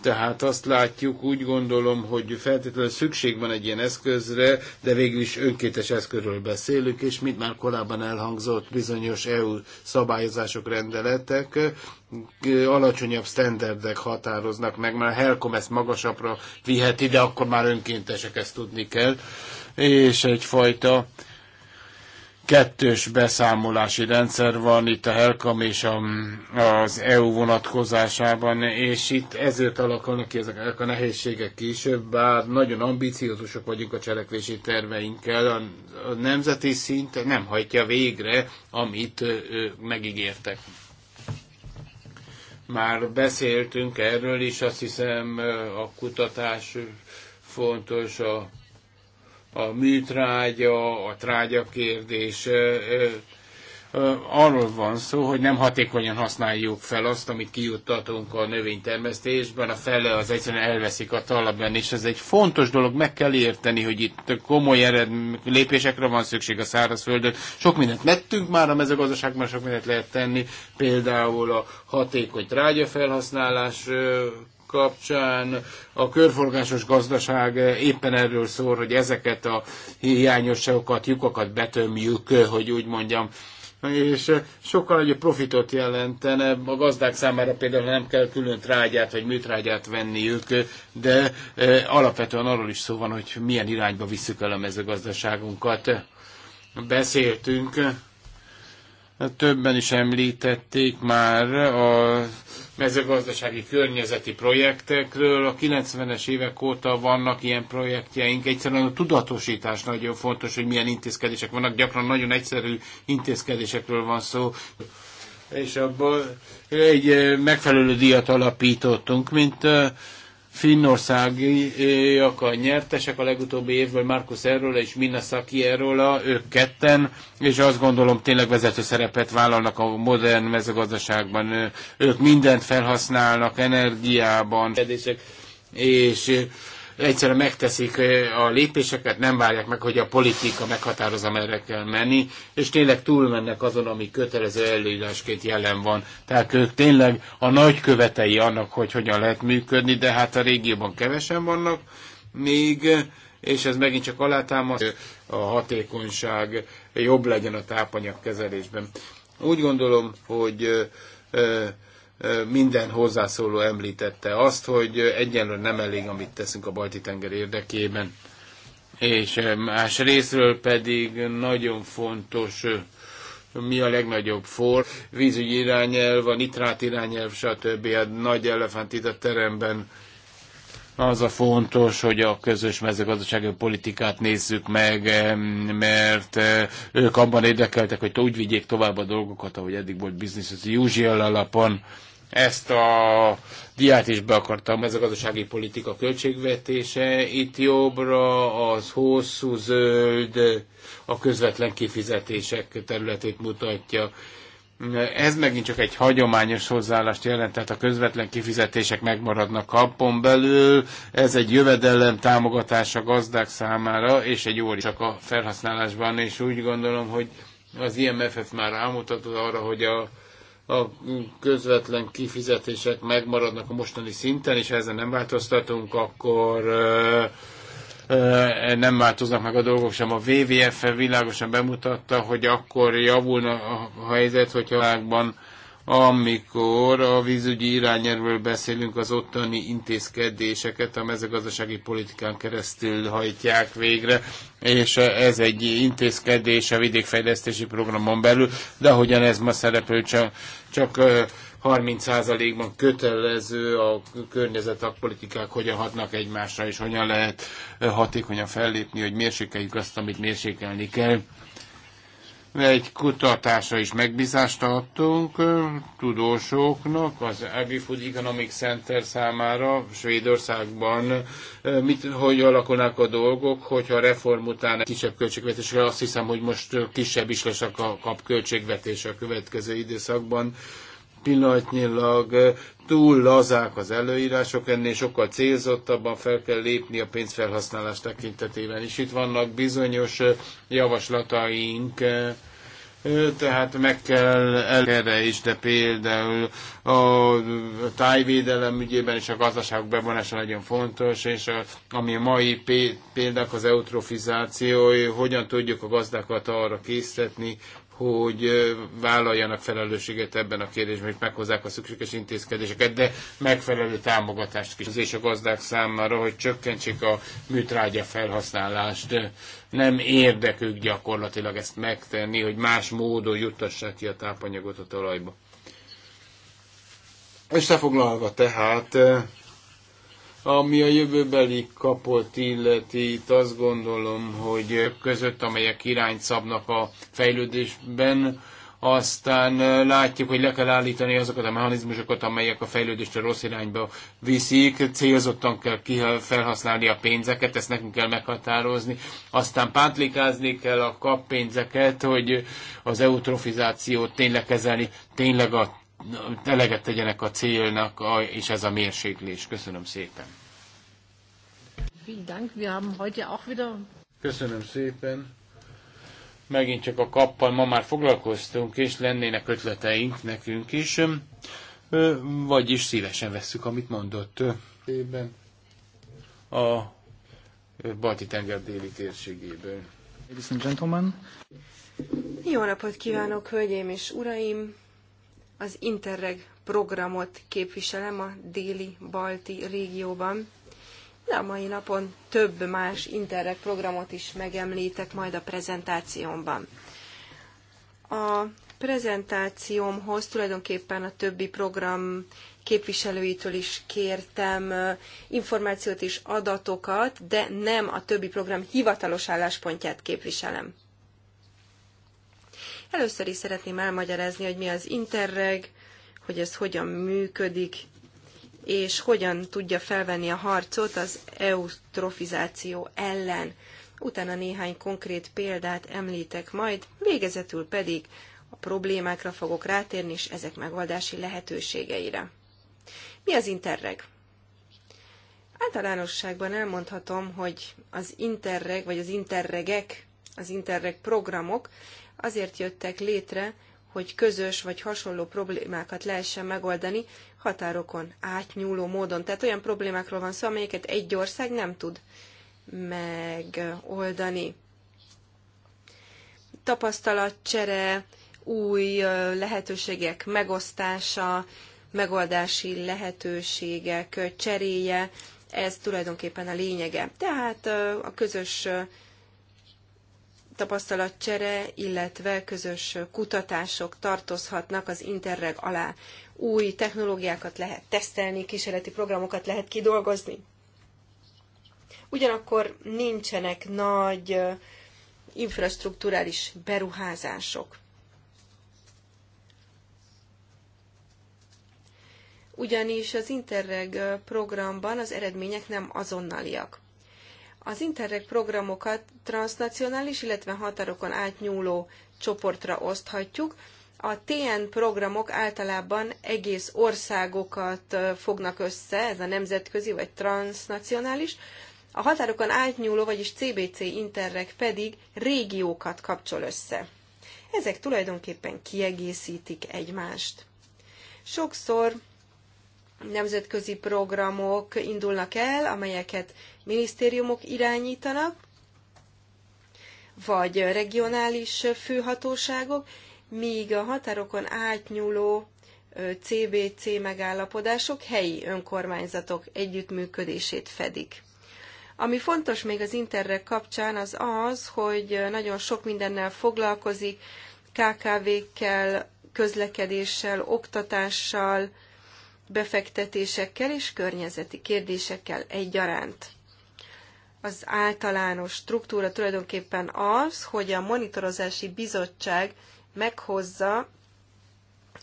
Tehát azt látjuk, úgy gondolom, hogy feltétlenül szükség van egy ilyen eszközre, de végül is önkétes eszközről beszélünk, és mint már korábban elhangzott, bizonyos EU szabályozások, rendeletek alacsonyabb sztenderdek határoznak meg, mert a Helcom ezt magasabbra viheti, de akkor már önkéntesek ezt tudni kell, és egyfajta kettős beszámolási rendszer van itt a Helkam és a, az EU vonatkozásában, és itt ezért alakulnak ki ezek a nehézségek később, bár nagyon ambiciózusok vagyunk a cselekvési terveinkkel, a, a nemzeti szint nem hajtja végre, amit ő, megígértek. Már beszéltünk erről is, azt hiszem a kutatás fontos, a a műtrágya, a trágya kérdés, arról van szó, hogy nem hatékonyan használjuk fel azt, amit kijuttatunk a növénytermesztésben, a fele az egyszerűen elveszik a talapban, és ez egy fontos dolog, meg kell érteni, hogy itt komoly ered, lépésekre van szükség a szárazföldön. Sok mindent mettünk már a mezőgazdaságban, sok mindent lehet tenni, például a hatékony trágya felhasználás kapcsán a körforgásos gazdaság éppen erről szól, hogy ezeket a hiányosságokat, lyukakat betömjük, hogy úgy mondjam, és sokkal nagyobb profitot jelentene. A gazdák számára például nem kell külön trágyát vagy műtrágyát venni ők, de eh, alapvetően arról is szó van, hogy milyen irányba visszük el a mezőgazdaságunkat. Beszéltünk, többen is említették már a mezőgazdasági környezeti projektekről. A 90-es évek óta vannak ilyen projektjeink. Egyszerűen a tudatosítás nagyon fontos, hogy milyen intézkedések vannak. Gyakran nagyon egyszerű intézkedésekről van szó. És abból egy eh, megfelelő díjat alapítottunk, mint eh, finnországiak a nyertesek a legutóbbi évből, Markus erről és Minna Saki a ők ketten, és azt gondolom tényleg vezető szerepet vállalnak a modern mezőgazdaságban. Ők mindent felhasználnak energiában, és egyszerűen megteszik a lépéseket, nem várják meg, hogy a politika meghatározza, merre kell menni, és tényleg túlmennek azon, ami kötelező előírásként jelen van. Tehát ők tényleg a nagykövetei annak, hogy hogyan lehet működni, de hát a régióban kevesen vannak, még és ez megint csak alátámaszt, a hatékonyság jobb legyen a tápanyagkezelésben. Úgy gondolom, hogy minden hozzászóló említette azt, hogy egyenlően nem elég, amit teszünk a Balti-tenger érdekében. És más részről pedig nagyon fontos, mi a legnagyobb for, vízügyi irányelv, a nitrát irányelv, stb. A hát nagy elefánt itt a teremben az a fontos, hogy a közös mezőgazdasági politikát nézzük meg, mert ők abban érdekeltek, hogy úgy vigyék tovább a dolgokat, ahogy eddig volt business as usual alapon. Ezt a diát is be akartam, ez a gazdasági politika költségvetése. Itt jobbra az hosszú zöld, a közvetlen kifizetések területét mutatja. Ez megint csak egy hagyományos hozzáállást jelent, tehát a közvetlen kifizetések megmaradnak kampon belül, ez egy jövedelem támogatás a gazdák számára, és egy óri csak a felhasználásban, és úgy gondolom, hogy az IMFF már rámutatott arra, hogy a a közvetlen kifizetések megmaradnak a mostani szinten, és ha ezen nem változtatunk, akkor nem változnak meg a dolgok sem. A WWF -e világosan bemutatta, hogy akkor javulna a helyzet, hogyha a világban amikor a vízügyi irányelvről beszélünk, az ottani intézkedéseket a mezőgazdasági politikán keresztül hajtják végre, és ez egy intézkedés a vidékfejlesztési programon belül, de ahogyan ez ma szerepel, csak, csak 30%-ban kötelező a környezetpolitikák hogyan hatnak egymásra, és hogyan lehet hatékonyan fellépni, hogy mérsékeljük azt, amit mérsékelni kell. Egy kutatásra is megbízást adtunk tudósoknak, az Agri-Food Economic Center számára Svédországban, mit, hogy alakulnak a dolgok, hogyha a reform után kisebb költségvetésre, azt hiszem, hogy most kisebb is lesz a kap költségvetés a következő időszakban pillanatnyilag túl lazák az előírások, ennél sokkal célzottabban fel kell lépni a pénzfelhasználás tekintetében is. Itt vannak bizonyos javaslataink, tehát meg kell erre is, de például a tájvédelem ügyében és a gazdaságok bevonása nagyon fontos, és a, ami a mai példák az eutrofizáció, hogyan tudjuk a gazdákat arra készíteni, hogy vállaljanak felelősséget ebben a kérdésben, és meghozzák a szükséges intézkedéseket, de megfelelő támogatást is és a gazdák számára, hogy csökkentsék a műtrágya felhasználást. Nem érdekük gyakorlatilag ezt megtenni, hogy más módon juttassák ki a tápanyagot a talajba. Összefoglalva tehát ami a jövőbeli kapott illeti, itt azt gondolom, hogy között, amelyek irányt szabnak a fejlődésben, aztán látjuk, hogy le kell állítani azokat a mechanizmusokat, amelyek a fejlődést a rossz irányba viszik, célzottan kell felhasználni a pénzeket, ezt nekünk kell meghatározni, aztán pántlikázni kell a kap pénzeket, hogy az eutrofizációt tényleg kezelni, tényleg a eleget tegyenek a célnak, és ez a mérséklés. Köszönöm szépen. Köszönöm szépen. Megint csak a kappal ma már foglalkoztunk, és lennének ötleteink nekünk is. Vagyis szívesen vesszük, amit mondott. Éppen a balti tenger déli térségében. Ladies and gentlemen. Jó napot kívánok, hölgyeim és uraim! az Interreg programot képviselem a déli balti régióban, de a mai napon több más Interreg programot is megemlítek majd a prezentációmban. A prezentációmhoz tulajdonképpen a többi program képviselőitől is kértem információt és adatokat, de nem a többi program hivatalos álláspontját képviselem. Először is szeretném elmagyarázni, hogy mi az Interreg, hogy ez hogyan működik, és hogyan tudja felvenni a harcot az eutrofizáció ellen. Utána néhány konkrét példát említek majd, végezetül pedig a problémákra fogok rátérni, és ezek megoldási lehetőségeire. Mi az Interreg? Általánosságban elmondhatom, hogy az Interreg, vagy az Interregek, az Interreg programok azért jöttek létre, hogy közös vagy hasonló problémákat lehessen megoldani határokon átnyúló módon. Tehát olyan problémákról van szó, amelyeket egy ország nem tud megoldani. Tapasztalatcsere, új lehetőségek megosztása, megoldási lehetőségek cseréje, ez tulajdonképpen a lényege. Tehát a közös tapasztalatcsere, illetve közös kutatások tartozhatnak az Interreg alá. Új technológiákat lehet tesztelni, kísérleti programokat lehet kidolgozni. Ugyanakkor nincsenek nagy infrastruktúrális beruházások. Ugyanis az Interreg programban az eredmények nem azonnaliak. Az Interreg programokat transnacionális, illetve határokon átnyúló csoportra oszthatjuk. A TN programok általában egész országokat fognak össze, ez a nemzetközi vagy transnacionális, a határokon átnyúló, vagyis CBC Interreg pedig régiókat kapcsol össze. Ezek tulajdonképpen kiegészítik egymást. Sokszor nemzetközi programok indulnak el, amelyeket minisztériumok irányítanak, vagy regionális főhatóságok, míg a határokon átnyúló CBC megállapodások helyi önkormányzatok együttműködését fedik. Ami fontos még az Interreg kapcsán az az, hogy nagyon sok mindennel foglalkozik, KKV-kkel, közlekedéssel, oktatással, befektetésekkel és környezeti kérdésekkel egyaránt. Az általános struktúra tulajdonképpen az, hogy a monitorozási bizottság meghozza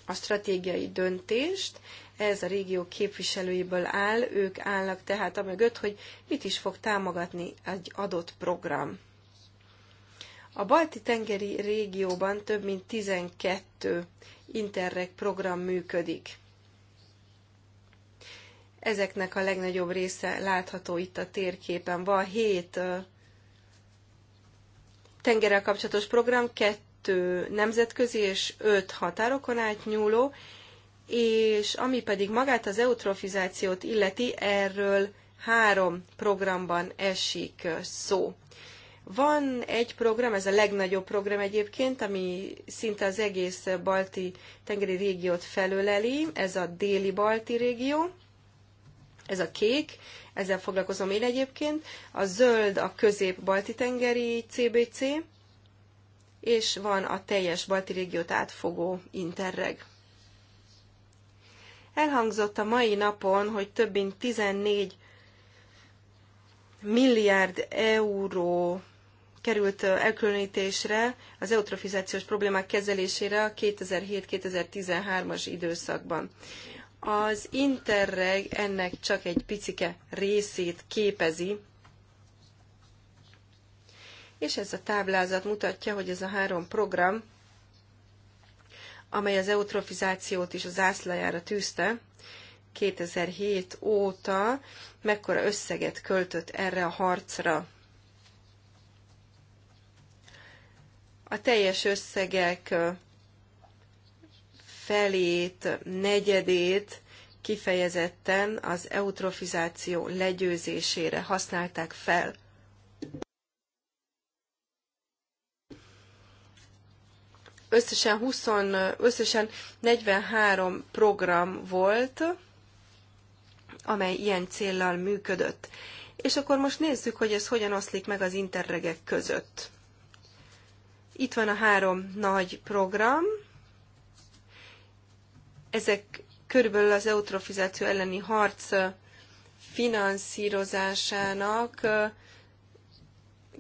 a stratégiai döntést, ez a régió képviselőiből áll, ők állnak tehát a mögött, hogy mit is fog támogatni egy adott program. A balti tengeri régióban több mint 12 interreg program működik. Ezeknek a legnagyobb része látható itt a térképen. Van hét tengerrel kapcsolatos program, kettő nemzetközi és öt határokon átnyúló, és ami pedig magát az eutrofizációt illeti, erről három programban esik szó. Van egy program, ez a legnagyobb program egyébként, ami szinte az egész balti tengeri régiót felöleli, ez a déli balti régió, ez a kék, ezzel foglalkozom én egyébként, a zöld a közép-balti tengeri CBC, és van a teljes balti régiót átfogó Interreg. Elhangzott a mai napon, hogy több mint 14 milliárd euró került elkülönítésre az eutrofizációs problémák kezelésére a 2007-2013-as időszakban. Az Interreg ennek csak egy picike részét képezi, és ez a táblázat mutatja, hogy ez a három program, amely az eutrofizációt is az zászlajára tűzte, 2007 óta mekkora összeget költött erre a harcra. A teljes összegek felét, negyedét kifejezetten az eutrofizáció legyőzésére használták fel. Összesen, 20, összesen 43 program volt, amely ilyen céllal működött. És akkor most nézzük, hogy ez hogyan oszlik meg az interregek között. Itt van a három nagy program, ezek körülbelül az eutrofizáció elleni harc finanszírozásának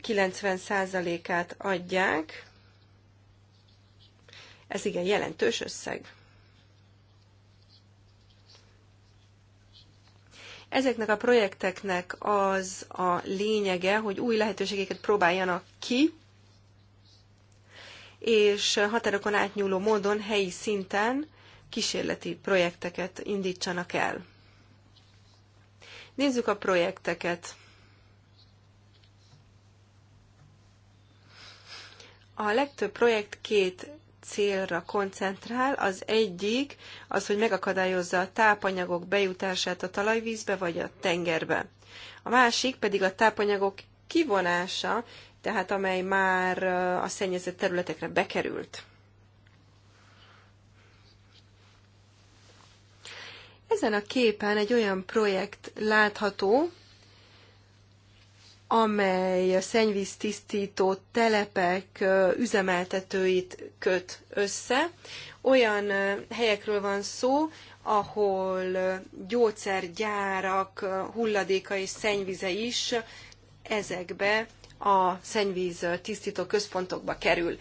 90%-át adják. Ez igen jelentős összeg. Ezeknek a projekteknek az a lényege, hogy új lehetőségeket próbáljanak ki, és határokon átnyúló módon, helyi szinten kísérleti projekteket indítsanak el. Nézzük a projekteket. A legtöbb projekt két célra koncentrál. Az egyik az, hogy megakadályozza a tápanyagok bejutását a talajvízbe vagy a tengerbe. A másik pedig a tápanyagok kivonása, tehát amely már a szennyezett területekre bekerült. Ezen a képen egy olyan projekt látható, amely a szennyvíztisztító telepek üzemeltetőit köt össze. Olyan helyekről van szó, ahol gyógyszergyárak hulladéka és szennyvize is ezekbe a szennyvíz tisztító központokba kerül.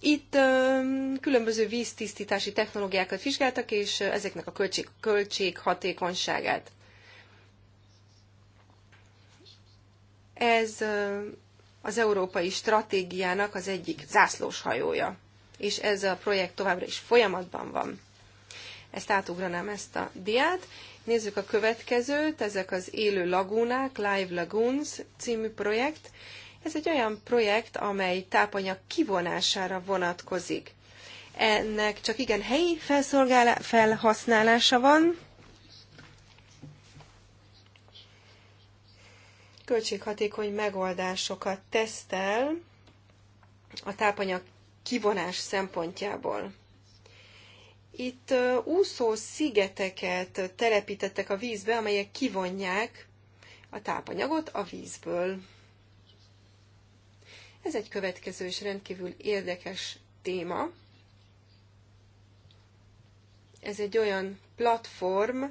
Itt különböző víztisztítási technológiákat vizsgáltak, és ezeknek a költség, költség hatékonyságát. Ez az európai stratégiának az egyik zászlóshajója, és ez a projekt továbbra is folyamatban van. Ezt átugranám ezt a diát. Nézzük a következőt, ezek az élő lagúnák, Live Lagoons című projekt. Ez egy olyan projekt, amely tápanyag kivonására vonatkozik. Ennek csak igen helyi felhasználása van, költséghatékony megoldásokat tesztel a tápanyag kivonás szempontjából. Itt úszó szigeteket telepítettek a vízbe, amelyek kivonják a tápanyagot a vízből. Ez egy következő és rendkívül érdekes téma. Ez egy olyan platform,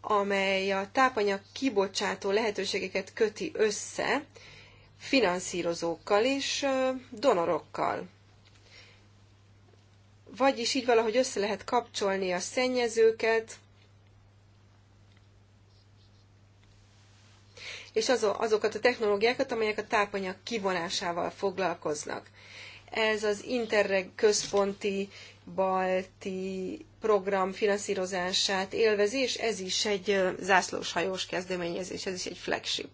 amely a tápanyag kibocsátó lehetőségeket köti össze finanszírozókkal és donorokkal. Vagyis így valahogy össze lehet kapcsolni a szennyezőket, és azokat a technológiákat, amelyek a tápanyag kivonásával foglalkoznak. Ez az Interreg központi balti program finanszírozását élvezi, és ez is egy zászlóshajós kezdeményezés, ez is egy flagship.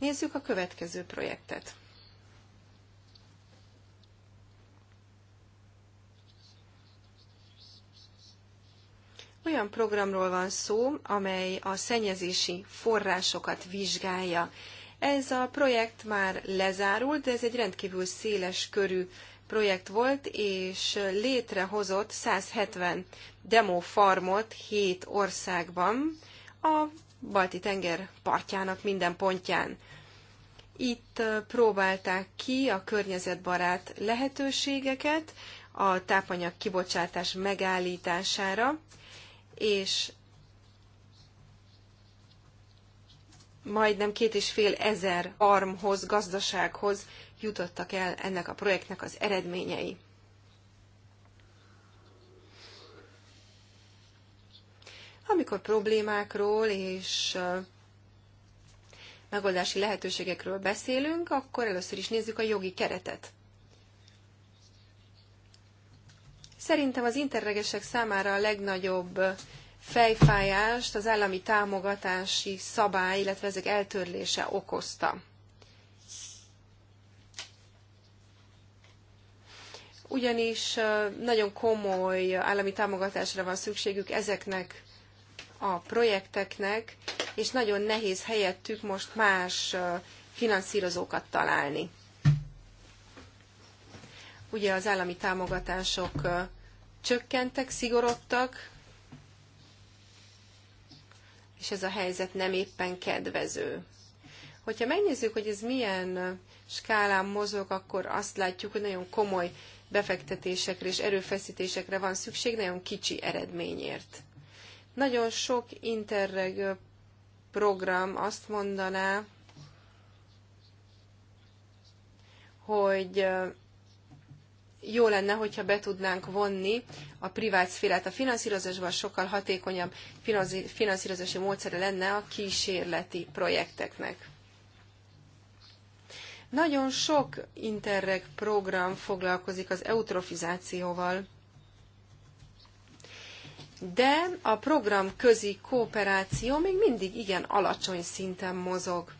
Nézzük a következő projektet. Olyan programról van szó, amely a szennyezési forrásokat vizsgálja. Ez a projekt már lezárult, de ez egy rendkívül széles körű projekt volt, és létrehozott 170 demo farmot 7 országban, a Balti tenger partjának minden pontján. Itt próbálták ki a környezetbarát lehetőségeket a tápanyag kibocsátás megállítására, és majdnem két és fél ezer armhoz, gazdasághoz jutottak el ennek a projektnek az eredményei. Amikor problémákról és megoldási lehetőségekről beszélünk, akkor először is nézzük a jogi keretet. Szerintem az interregesek számára a legnagyobb fejfájást az állami támogatási szabály, illetve ezek eltörlése okozta. Ugyanis nagyon komoly állami támogatásra van szükségük ezeknek a projekteknek, és nagyon nehéz helyettük most más finanszírozókat találni. Ugye az állami támogatások csökkentek, szigorodtak, és ez a helyzet nem éppen kedvező. Hogyha megnézzük, hogy ez milyen skálán mozog, akkor azt látjuk, hogy nagyon komoly befektetésekre és erőfeszítésekre van szükség, nagyon kicsi eredményért. Nagyon sok interreg program azt mondaná, hogy jó lenne, hogyha be tudnánk vonni a privát szférát a finanszírozásban, sokkal hatékonyabb finanszírozási módszere lenne a kísérleti projekteknek. Nagyon sok Interreg program foglalkozik az eutrofizációval, de a program közi kooperáció még mindig igen alacsony szinten mozog.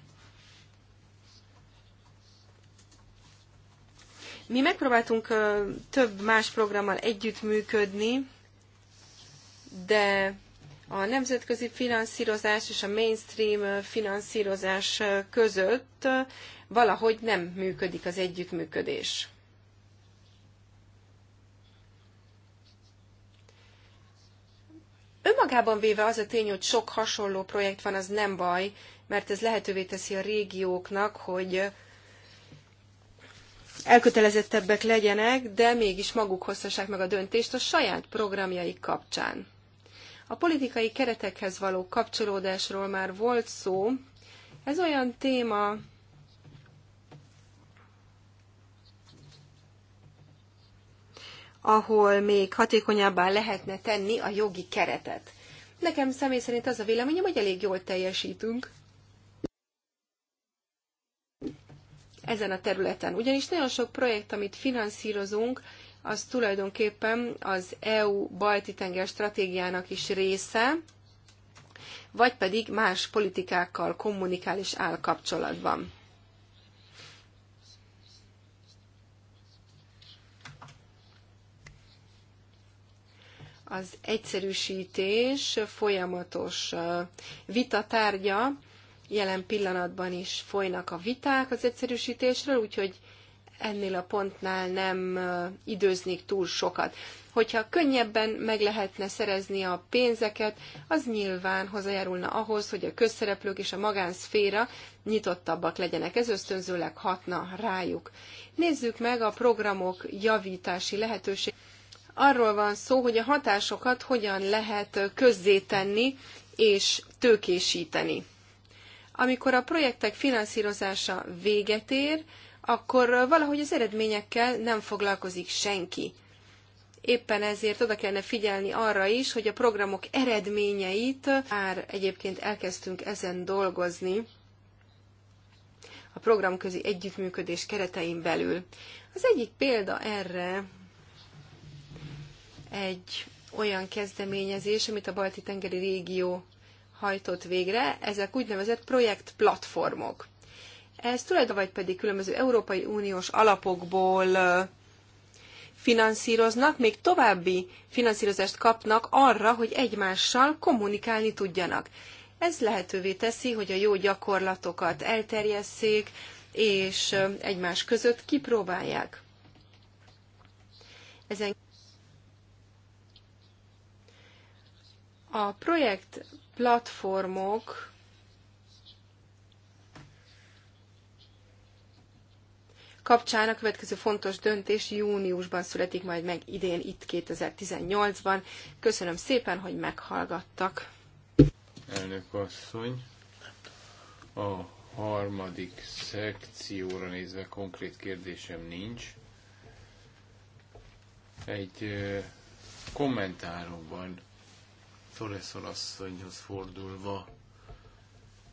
Mi megpróbáltunk több más programmal együttműködni, de a nemzetközi finanszírozás és a mainstream finanszírozás között valahogy nem működik az együttműködés. Önmagában véve az a tény, hogy sok hasonló projekt van, az nem baj, mert ez lehetővé teszi a régióknak, hogy elkötelezettebbek legyenek, de mégis maguk hozhassák meg a döntést a saját programjaik kapcsán. A politikai keretekhez való kapcsolódásról már volt szó. Ez olyan téma, ahol még hatékonyabbá lehetne tenni a jogi keretet. Nekem személy szerint az a véleményem, hogy elég jól teljesítünk ezen a területen. Ugyanis nagyon sok projekt, amit finanszírozunk, az tulajdonképpen az EU balti tenger stratégiának is része, vagy pedig más politikákkal kommunikál és áll kapcsolatban. Az egyszerűsítés folyamatos vitatárgya Jelen pillanatban is folynak a viták az egyszerűsítésről, úgyhogy ennél a pontnál nem időznék túl sokat. Hogyha könnyebben meg lehetne szerezni a pénzeket, az nyilván hozzájárulna ahhoz, hogy a közszereplők és a magánszféra nyitottabbak legyenek. Ez ösztönzőleg hatna rájuk. Nézzük meg a programok javítási lehetőség. Arról van szó, hogy a hatásokat hogyan lehet közzétenni és tőkésíteni. Amikor a projektek finanszírozása véget ér, akkor valahogy az eredményekkel nem foglalkozik senki. Éppen ezért oda kellene figyelni arra is, hogy a programok eredményeit már egyébként elkezdtünk ezen dolgozni a programközi együttműködés keretein belül. Az egyik példa erre egy olyan kezdeményezés, amit a Balti-tengeri régió hajtott végre, ezek úgynevezett projektplatformok. Ez tulajdonképpen vagy pedig különböző Európai Uniós alapokból finanszíroznak, még további finanszírozást kapnak arra, hogy egymással kommunikálni tudjanak. Ez lehetővé teszi, hogy a jó gyakorlatokat elterjesszék, és egymás között kipróbálják. Ezen a projekt platformok kapcsán a következő fontos döntés júniusban születik majd meg idén, itt 2018-ban. Köszönöm szépen, hogy meghallgattak. Elnök asszony, a harmadik szekcióra nézve konkrét kérdésem nincs. Egy kommentárom van Torreson asszonyhoz fordulva,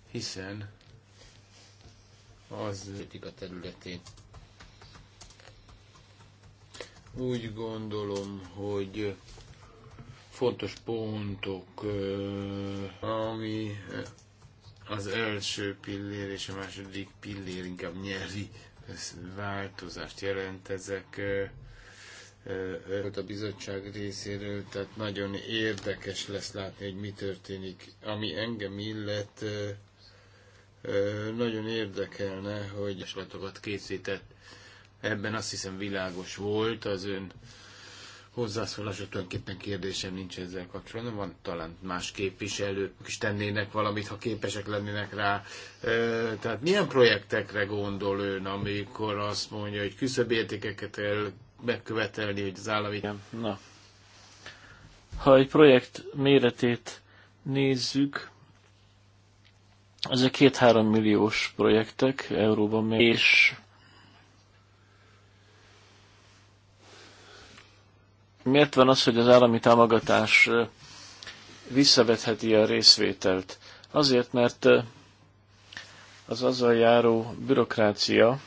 hiszen az a területén. Úgy gondolom, hogy fontos pontok, ami az első pillér és a második pillér inkább nyeri változást jelent ezek a bizottság részéről, tehát nagyon érdekes lesz látni, hogy mi történik. Ami engem illet, nagyon érdekelne, hogy eslatokat készített. Ebben azt hiszem világos volt az ön hozzászólása, tulajdonképpen kérdésem nincs ezzel kapcsolatban, van talán más képviselők is tennének valamit, ha képesek lennének rá. Tehát milyen projektekre gondol ön, amikor azt mondja, hogy küszöbértékeket el bekövetelni, hogy az állami... Na. Ha egy projekt méretét nézzük, ezek két-három milliós projektek euróban még, és miért van az, hogy az állami támogatás visszavetheti a részvételt? Azért, mert az azzal járó bürokrácia,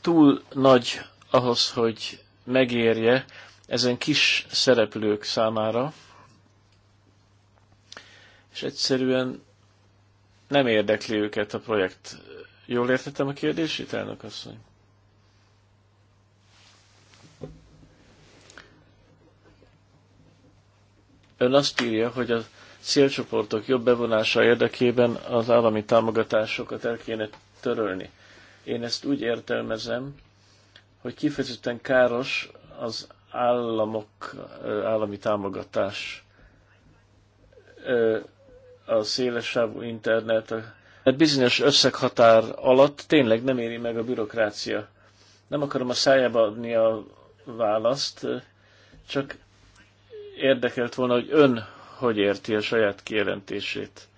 túl nagy ahhoz, hogy megérje ezen kis szereplők számára, és egyszerűen nem érdekli őket a projekt. Jól értettem a kérdését, elnök asszony? Ön azt írja, hogy a célcsoportok jobb bevonása érdekében az állami támogatásokat el kéne törölni. Én ezt úgy értelmezem, hogy kifejezetten káros az államok, állami támogatás, a szélesávú internet, mert bizonyos összeghatár alatt tényleg nem éri meg a bürokrácia. Nem akarom a szájába adni a választ, csak érdekelt volna, hogy ön hogy érti a saját kijelentését.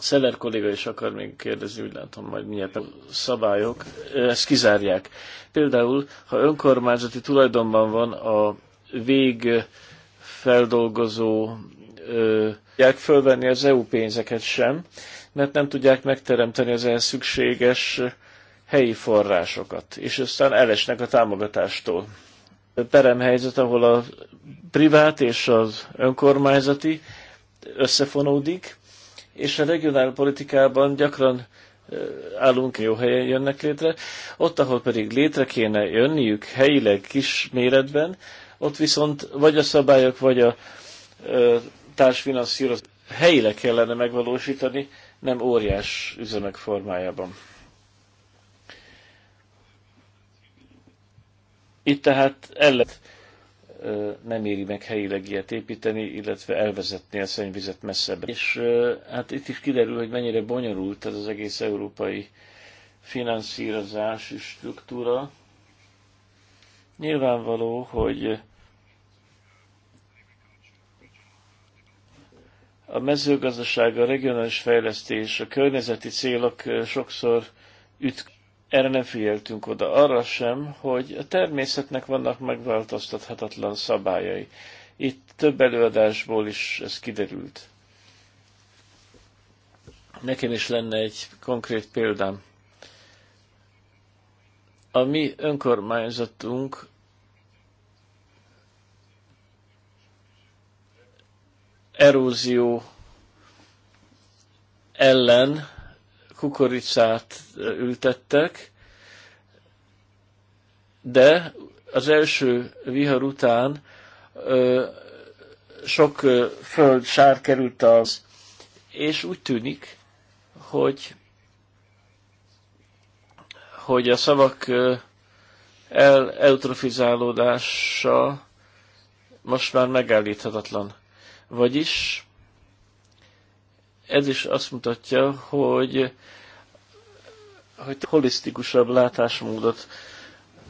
Szeller kolléga is akar még kérdezni, úgy látom, majd a szabályok, ezt kizárják. Például, ha önkormányzati tulajdonban van a végfeldolgozó, tudják fölvenni az EU pénzeket sem, mert nem tudják megteremteni az ehhez szükséges helyi forrásokat, és aztán elesnek a támogatástól. Peremhelyzet, ahol a privát és az önkormányzati összefonódik, és a regionál politikában gyakran állunk jó helyen jönnek létre, ott, ahol pedig létre kéne jönniük helyileg kis méretben, ott viszont vagy a szabályok, vagy a társfinanszírozás helyileg kellene megvalósítani, nem óriás üzemek formájában. Itt tehát lehet nem éri meg helyileg ilyet építeni, illetve elvezetni a szennyvizet messzebb. És hát itt is kiderül, hogy mennyire bonyolult ez az egész európai finanszírozási struktúra. Nyilvánvaló, hogy a mezőgazdaság, a regionális fejlesztés, a környezeti célok sokszor ütk erre nem figyeltünk oda, arra sem, hogy a természetnek vannak megváltoztathatatlan szabályai. Itt több előadásból is ez kiderült. Nekem is lenne egy konkrét példám. A mi önkormányzatunk erózió ellen kukoricát eh, ültettek, de az első vihar után eh, sok eh, föld sár került az, és úgy tűnik, hogy, hogy a szavak el, eutrofizálódása most már megállíthatatlan. Vagyis ez is azt mutatja, hogy, hogy holisztikusabb látásmódot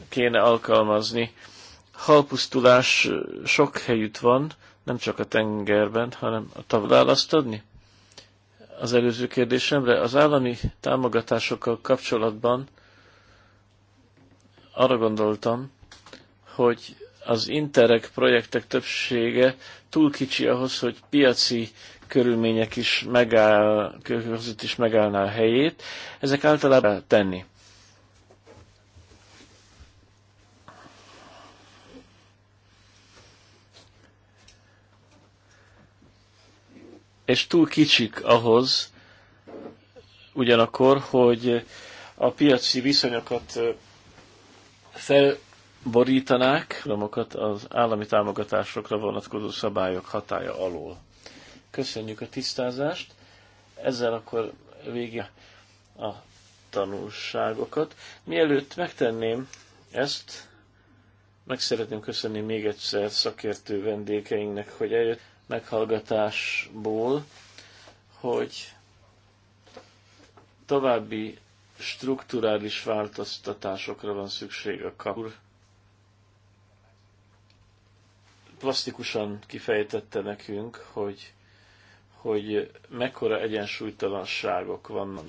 kéne alkalmazni. Halpusztulás sok helyütt van, nem csak a tengerben, hanem a választ adni? Az előző kérdésemre az állami támogatásokkal kapcsolatban arra gondoltam, hogy az Interreg projektek többsége túl kicsi ahhoz, hogy piaci körülmények is megáll, között is megállná a helyét. Ezek általában tenni. És túl kicsik ahhoz, ugyanakkor, hogy a piaci viszonyokat felborítanák, az állami támogatásokra vonatkozó szabályok hatája alól. Köszönjük a tisztázást. Ezzel akkor vége a tanulságokat. Mielőtt megtenném ezt, meg szeretném köszönni még egyszer szakértő vendégeinknek, hogy eljött meghallgatásból, hogy további strukturális változtatásokra van szükség a kapur. Plastikusan kifejtette nekünk, hogy hogy mekkora egyensúlytalanságok vannak.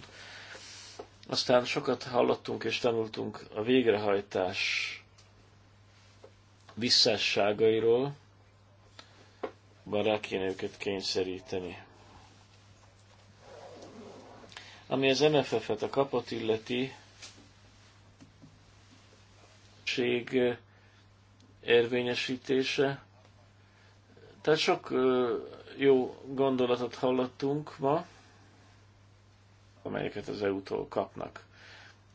Aztán sokat hallottunk és tanultunk a végrehajtás visszásságairól, bár rá kéne őket kényszeríteni. Ami az MFF-et, a kapot illeti, eh, érvényesítése, tehát sok jó gondolatot hallottunk ma, amelyeket az EU-tól kapnak.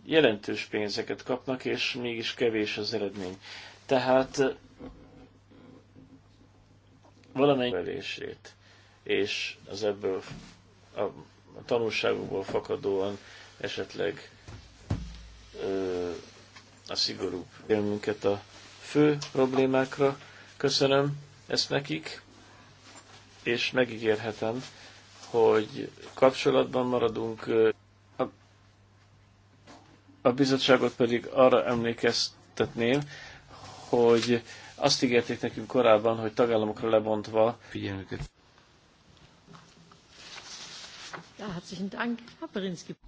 Jelentős pénzeket kapnak, és mégis kevés az eredmény. Tehát valamennyi velését, és az ebből a tanulságokból fakadóan esetleg ö, a szigorúbb élmünket a fő problémákra. Köszönöm ezt nekik, és megígérhetem, hogy kapcsolatban maradunk, a, a bizottságot pedig arra emlékeztetném, hogy azt ígérték nekünk korábban, hogy tagállamokra lebontva figyelmüket.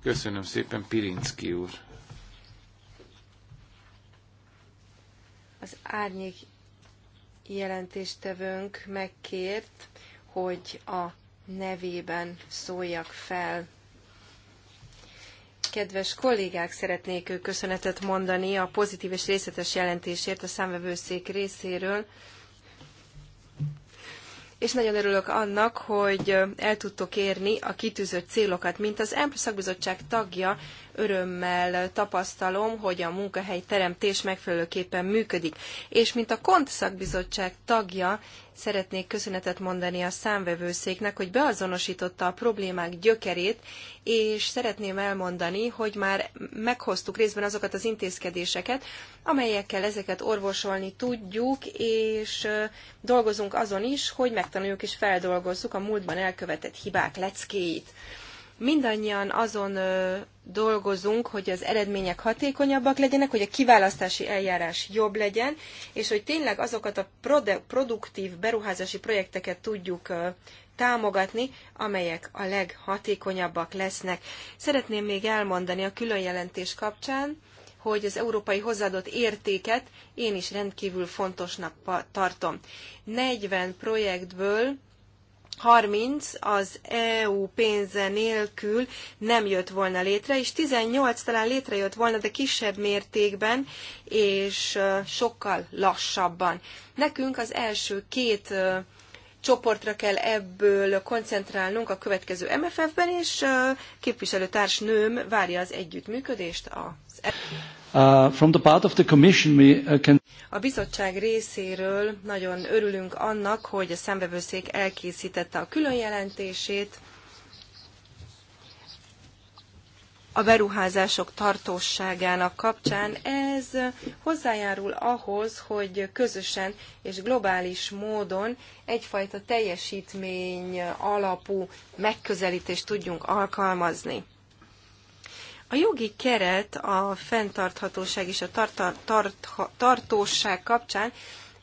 Köszönöm szépen, Pirinski úr. Az árnyék jelentéstevőnk megkért, hogy a nevében szóljak fel. Kedves kollégák, szeretnék köszönetet mondani a pozitív és részletes jelentésért a számvevőszék részéről, és nagyon örülök annak, hogy el tudtok érni a kitűzött célokat. Mint az EMP szakbizottság tagja, örömmel tapasztalom, hogy a munkahely teremtés megfelelőképpen működik. És mint a KONT szakbizottság tagja, Szeretnék köszönetet mondani a számvevőszéknek, hogy beazonosította a problémák gyökerét, és szeretném elmondani, hogy már meghoztuk részben azokat az intézkedéseket, amelyekkel ezeket orvosolni tudjuk, és dolgozunk azon is, hogy megtanuljuk és feldolgozzuk a múltban elkövetett hibák leckéit mindannyian azon dolgozunk, hogy az eredmények hatékonyabbak legyenek, hogy a kiválasztási eljárás jobb legyen, és hogy tényleg azokat a produktív beruházási projekteket tudjuk támogatni, amelyek a leghatékonyabbak lesznek. Szeretném még elmondani a különjelentés kapcsán, hogy az európai hozzáadott értéket én is rendkívül fontosnak tartom. 40 projektből 30 az EU pénze nélkül nem jött volna létre, és 18 talán létrejött volna, de kisebb mértékben, és sokkal lassabban. Nekünk az első két csoportra kell ebből koncentrálnunk a következő MFF-ben, és képviselőtárs nőm várja az együttműködést. Az... E Uh, uh, a bizottság részéről nagyon örülünk annak, hogy a szembevőszék elkészítette a jelentését a beruházások tartóságának kapcsán. Ez hozzájárul ahhoz, hogy közösen és globális módon egyfajta teljesítmény alapú megközelítést tudjunk alkalmazni. A jogi keret a fenntarthatóság és a tart- tart, tartóság kapcsán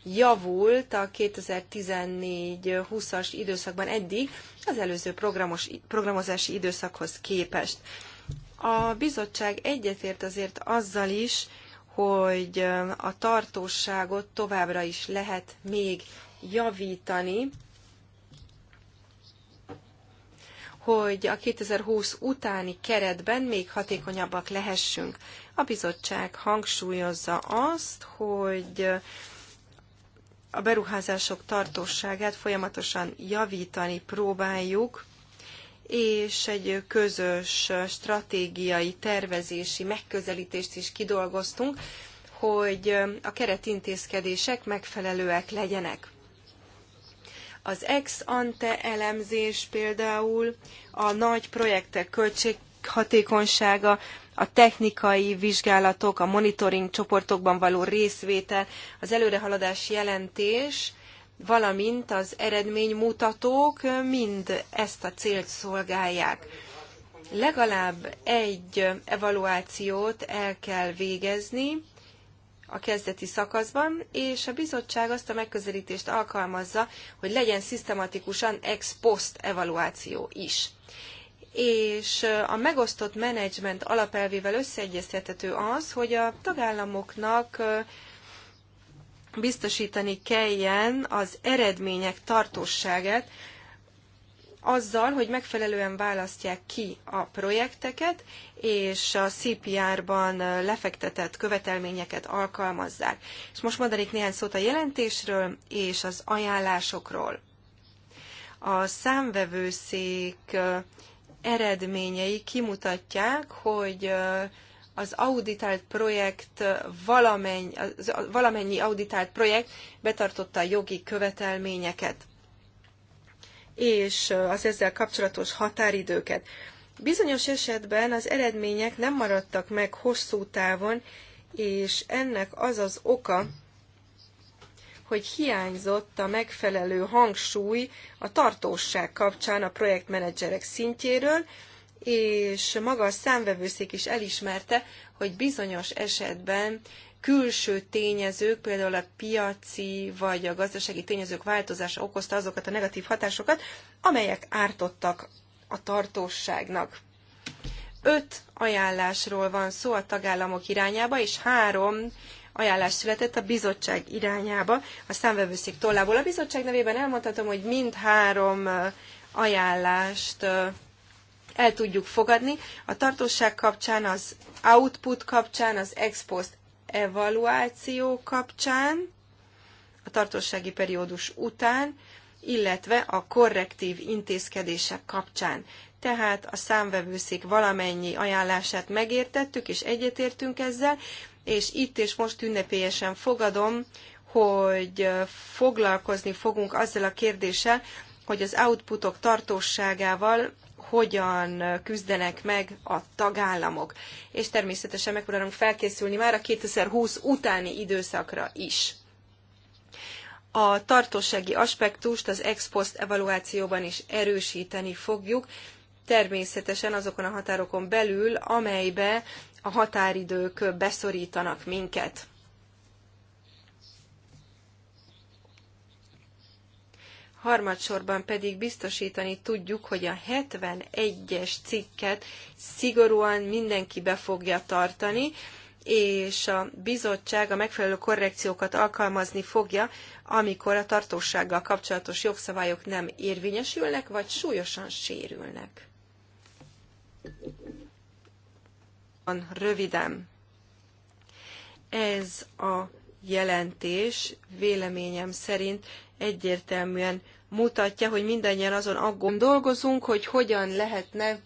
javult a 2014-20-as időszakban eddig az előző programos, programozási időszakhoz képest. A bizottság egyetért azért azzal is, hogy a tartóságot továbbra is lehet még javítani, hogy a 2020 utáni keretben még hatékonyabbak lehessünk. A bizottság hangsúlyozza azt, hogy a beruházások tartóságát folyamatosan javítani próbáljuk, és egy közös stratégiai tervezési megközelítést is kidolgoztunk, hogy a keretintézkedések megfelelőek legyenek. Az ex ante elemzés például a nagy projektek költséghatékonysága, a technikai vizsgálatok, a monitoring csoportokban való részvétel, az előrehaladás jelentés, valamint az eredménymutatók mind ezt a célt szolgálják. Legalább egy evaluációt el kell végezni, a kezdeti szakaszban, és a bizottság azt a megközelítést alkalmazza, hogy legyen szisztematikusan ex post evaluáció is. És a megosztott menedzsment alapelvével összeegyeztethető az, hogy a tagállamoknak biztosítani kelljen az eredmények tartóságát azzal, hogy megfelelően választják ki a projekteket, és a CPR-ban lefektetett követelményeket alkalmazzák. És most mondanék néhány szót a jelentésről és az ajánlásokról. A számvevőszék eredményei kimutatják, hogy az auditált projekt valamennyi, valamennyi auditált projekt betartotta a jogi követelményeket és az ezzel kapcsolatos határidőket. Bizonyos esetben az eredmények nem maradtak meg hosszú távon, és ennek az az oka, hogy hiányzott a megfelelő hangsúly a tartóság kapcsán a projektmenedzserek szintjéről, és maga a számvevőszék is elismerte, hogy bizonyos esetben külső tényezők, például a piaci vagy a gazdasági tényezők változása okozta azokat a negatív hatásokat, amelyek ártottak a tartóságnak. Öt ajánlásról van szó a tagállamok irányába, és három ajánlás született a bizottság irányába, a számvevőszék tollából. A bizottság nevében elmondhatom, hogy mind három ajánlást el tudjuk fogadni. A tartóság kapcsán, az output kapcsán, az ex post evaluáció kapcsán, a tartósági periódus után, illetve a korrektív intézkedések kapcsán. Tehát a számvevőszék valamennyi ajánlását megértettük, és egyetértünk ezzel, és itt és most ünnepélyesen fogadom, hogy foglalkozni fogunk azzal a kérdéssel, hogy az outputok tartóságával hogyan küzdenek meg a tagállamok. És természetesen megpróbálunk felkészülni már a 2020 utáni időszakra is. A tartósági aspektust az ex post evaluációban is erősíteni fogjuk, természetesen azokon a határokon belül, amelybe a határidők beszorítanak minket. harmadsorban pedig biztosítani tudjuk, hogy a 71-es cikket szigorúan mindenki be fogja tartani, és a bizottság a megfelelő korrekciókat alkalmazni fogja, amikor a tartósággal kapcsolatos jogszabályok nem érvényesülnek, vagy súlyosan sérülnek. Röviden. Ez a jelentés véleményem szerint egyértelműen mutatja, hogy mindannyian azon aggón dolgozunk, hogy hogyan lehetne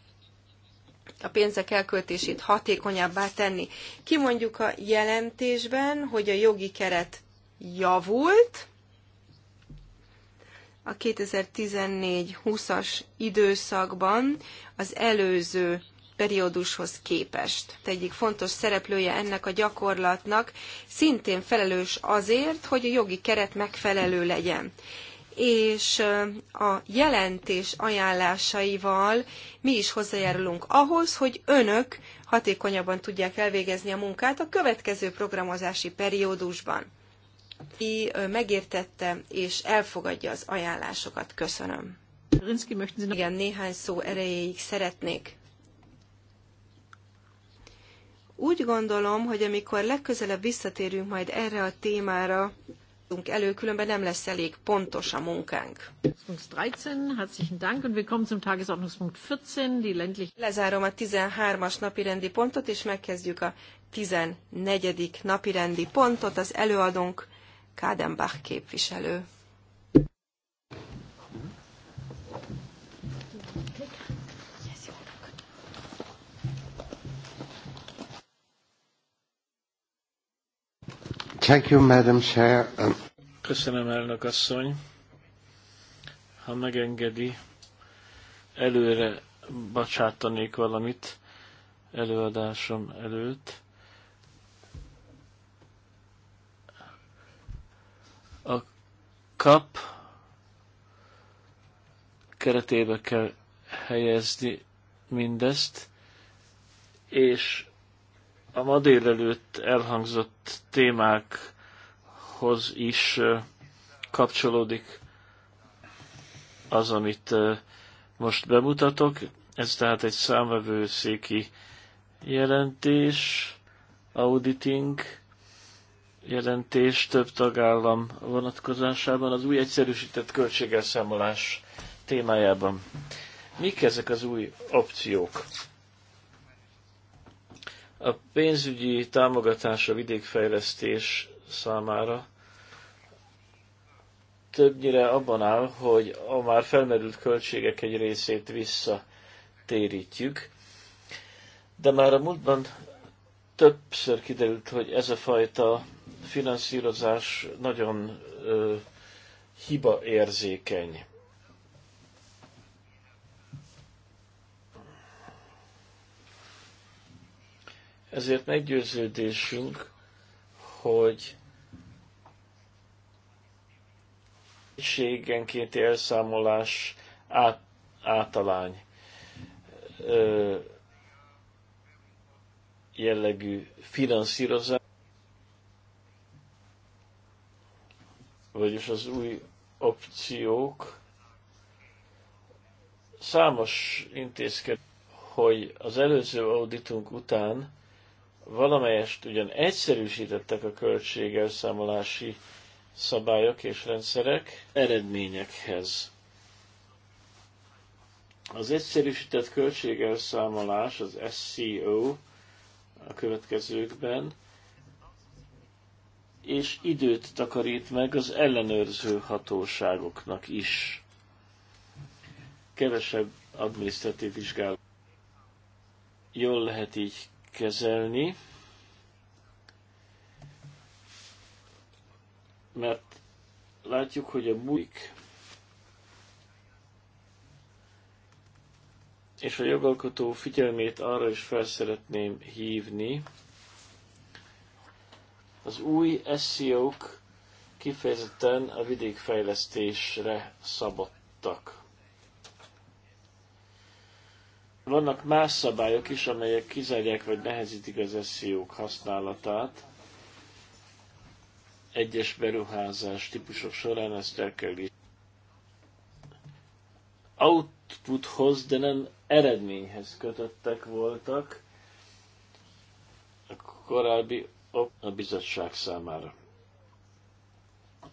a pénzek elköltését hatékonyabbá tenni. Kimondjuk a jelentésben, hogy a jogi keret javult, a 2014-20-as időszakban az előző periódushoz képest. Egyik fontos szereplője ennek a gyakorlatnak szintén felelős azért, hogy a jogi keret megfelelő legyen és a jelentés ajánlásaival mi is hozzájárulunk ahhoz, hogy önök hatékonyabban tudják elvégezni a munkát a következő programozási periódusban. Ki megértette és elfogadja az ajánlásokat. Köszönöm. Igen, néhány szó erejéig szeretnék. Úgy gondolom, hogy amikor legközelebb visszatérünk majd erre a témára, állítunk elő, különben nem lesz elég pontos a munkánk. Lezárom a 13-as napirendi pontot, és megkezdjük a 14. napirendi pontot. Az előadónk Kádenbach képviselő. Thank you, Madam Chair. Um, Köszönöm, elnök asszony. Ha megengedi, előre bacsátanék valamit előadásom előtt. A kap keretébe kell helyezni mindezt, és a ma délelőtt elhangzott témákhoz is kapcsolódik az, amit most bemutatok. Ez tehát egy széki jelentés, auditing jelentés több tagállam vonatkozásában az új egyszerűsített költségelszámolás témájában. Mik ezek az új opciók? A pénzügyi támogatás a vidékfejlesztés számára többnyire abban áll, hogy a már felmerült költségek egy részét visszatérítjük, de már a múltban többször kiderült, hogy ez a fajta finanszírozás nagyon ö, hiba érzékeny. Ezért meggyőződésünk, hogy egységenként elszámolás át, átalány ö, jellegű finanszírozás, vagyis az új opciók számos intézkedés, hogy az előző auditunk után valamelyest ugyan egyszerűsítettek a költségelszámolási szabályok és rendszerek eredményekhez. Az egyszerűsített költségelszámolás, az SCO a következőkben, és időt takarít meg az ellenőrző hatóságoknak is. Kevesebb adminisztratív vizsgálat. Jól lehet így kezelni, mert látjuk, hogy a bujik és a jogalkotó figyelmét arra is felszeretném hívni, az új SEO-k kifejezetten a vidékfejlesztésre szabottak. Vannak más szabályok is, amelyek kizárják vagy nehezítik az seo használatát. Egyes beruházás típusok során ezt el kell is. Outputhoz, de nem eredményhez kötöttek voltak a korábbi a bizottság számára.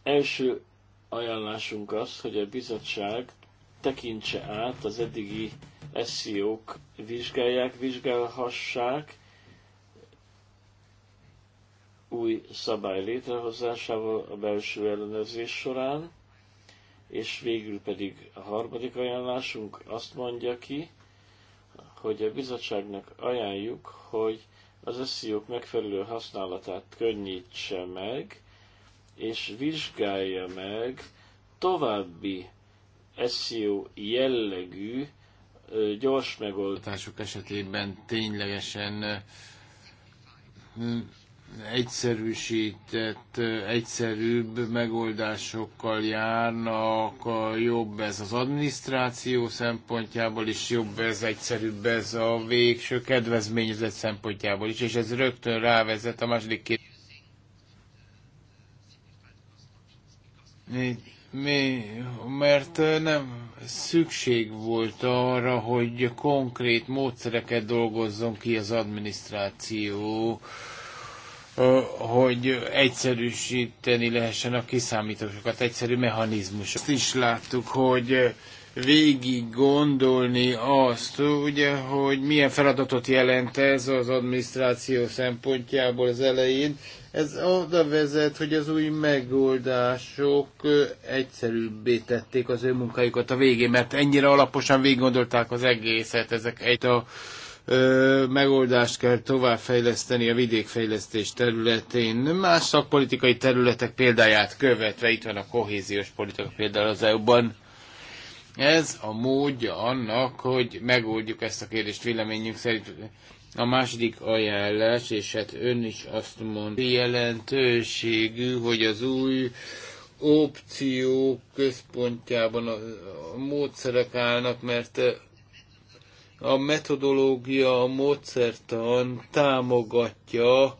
Első ajánlásunk az, hogy a bizottság tekintse át az eddigi SEO-k, vizsgálják, vizsgálhassák új szabály létrehozásával a belső ellenőrzés során, és végül pedig a harmadik ajánlásunk azt mondja ki, hogy a bizottságnak ajánljuk, hogy az seo megfelelő használatát könnyítse meg, és vizsgálja meg további SEO jellegű gyors megoldások esetében ténylegesen egyszerűsített, egyszerűbb megoldásokkal járnak, jobb ez az adminisztráció szempontjából is, jobb ez, egyszerűbb ez a végső kedvezményezet szempontjából is, és ez rögtön rávezet a második kérdésre mi, mert nem szükség volt arra, hogy konkrét módszereket dolgozzon ki az adminisztráció, hogy egyszerűsíteni lehessen a kiszámításokat, egyszerű mechanizmus. Azt is láttuk, hogy végig gondolni azt, ugye, hogy milyen feladatot jelent ez az adminisztráció szempontjából az elején. Ez oda vezet, hogy az új megoldások egyszerűbbé tették az ő munkájukat a végén, mert ennyire alaposan végiggondolták az egészet, ezek egy a ö, megoldást kell továbbfejleszteni a vidékfejlesztés területén. Más szakpolitikai területek példáját követve, itt van a kohéziós politika például az EU-ban, ez a módja annak, hogy megoldjuk ezt a kérdést véleményünk szerint. A második ajánlás, és hát ön is azt mondta, jelentőségű, hogy az új opciók központjában a, a módszerek állnak, mert a metodológia, a módszertan támogatja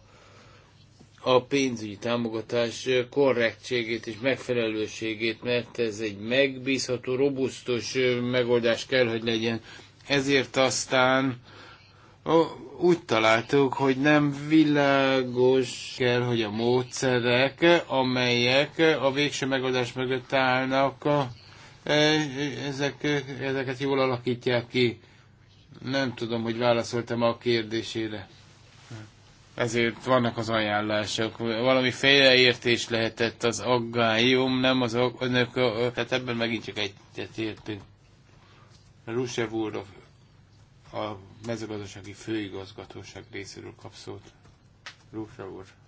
a pénzügyi támogatás korrektségét és megfelelőségét, mert ez egy megbízható, robusztus megoldás kell, hogy legyen. Ezért aztán úgy találtuk, hogy nem világos kell, hogy a módszerek, amelyek a végső megoldás mögött állnak, e, ezek, ezeket jól alakítják ki. Nem tudom, hogy válaszoltam a kérdésére ezért vannak az ajánlások. Valami félreértés lehetett az aggályom, nem az önök, tehát ebben megint csak egyet értünk. Rusev úr a mezőgazdasági főigazgatóság részéről kap szót. Rusev úr.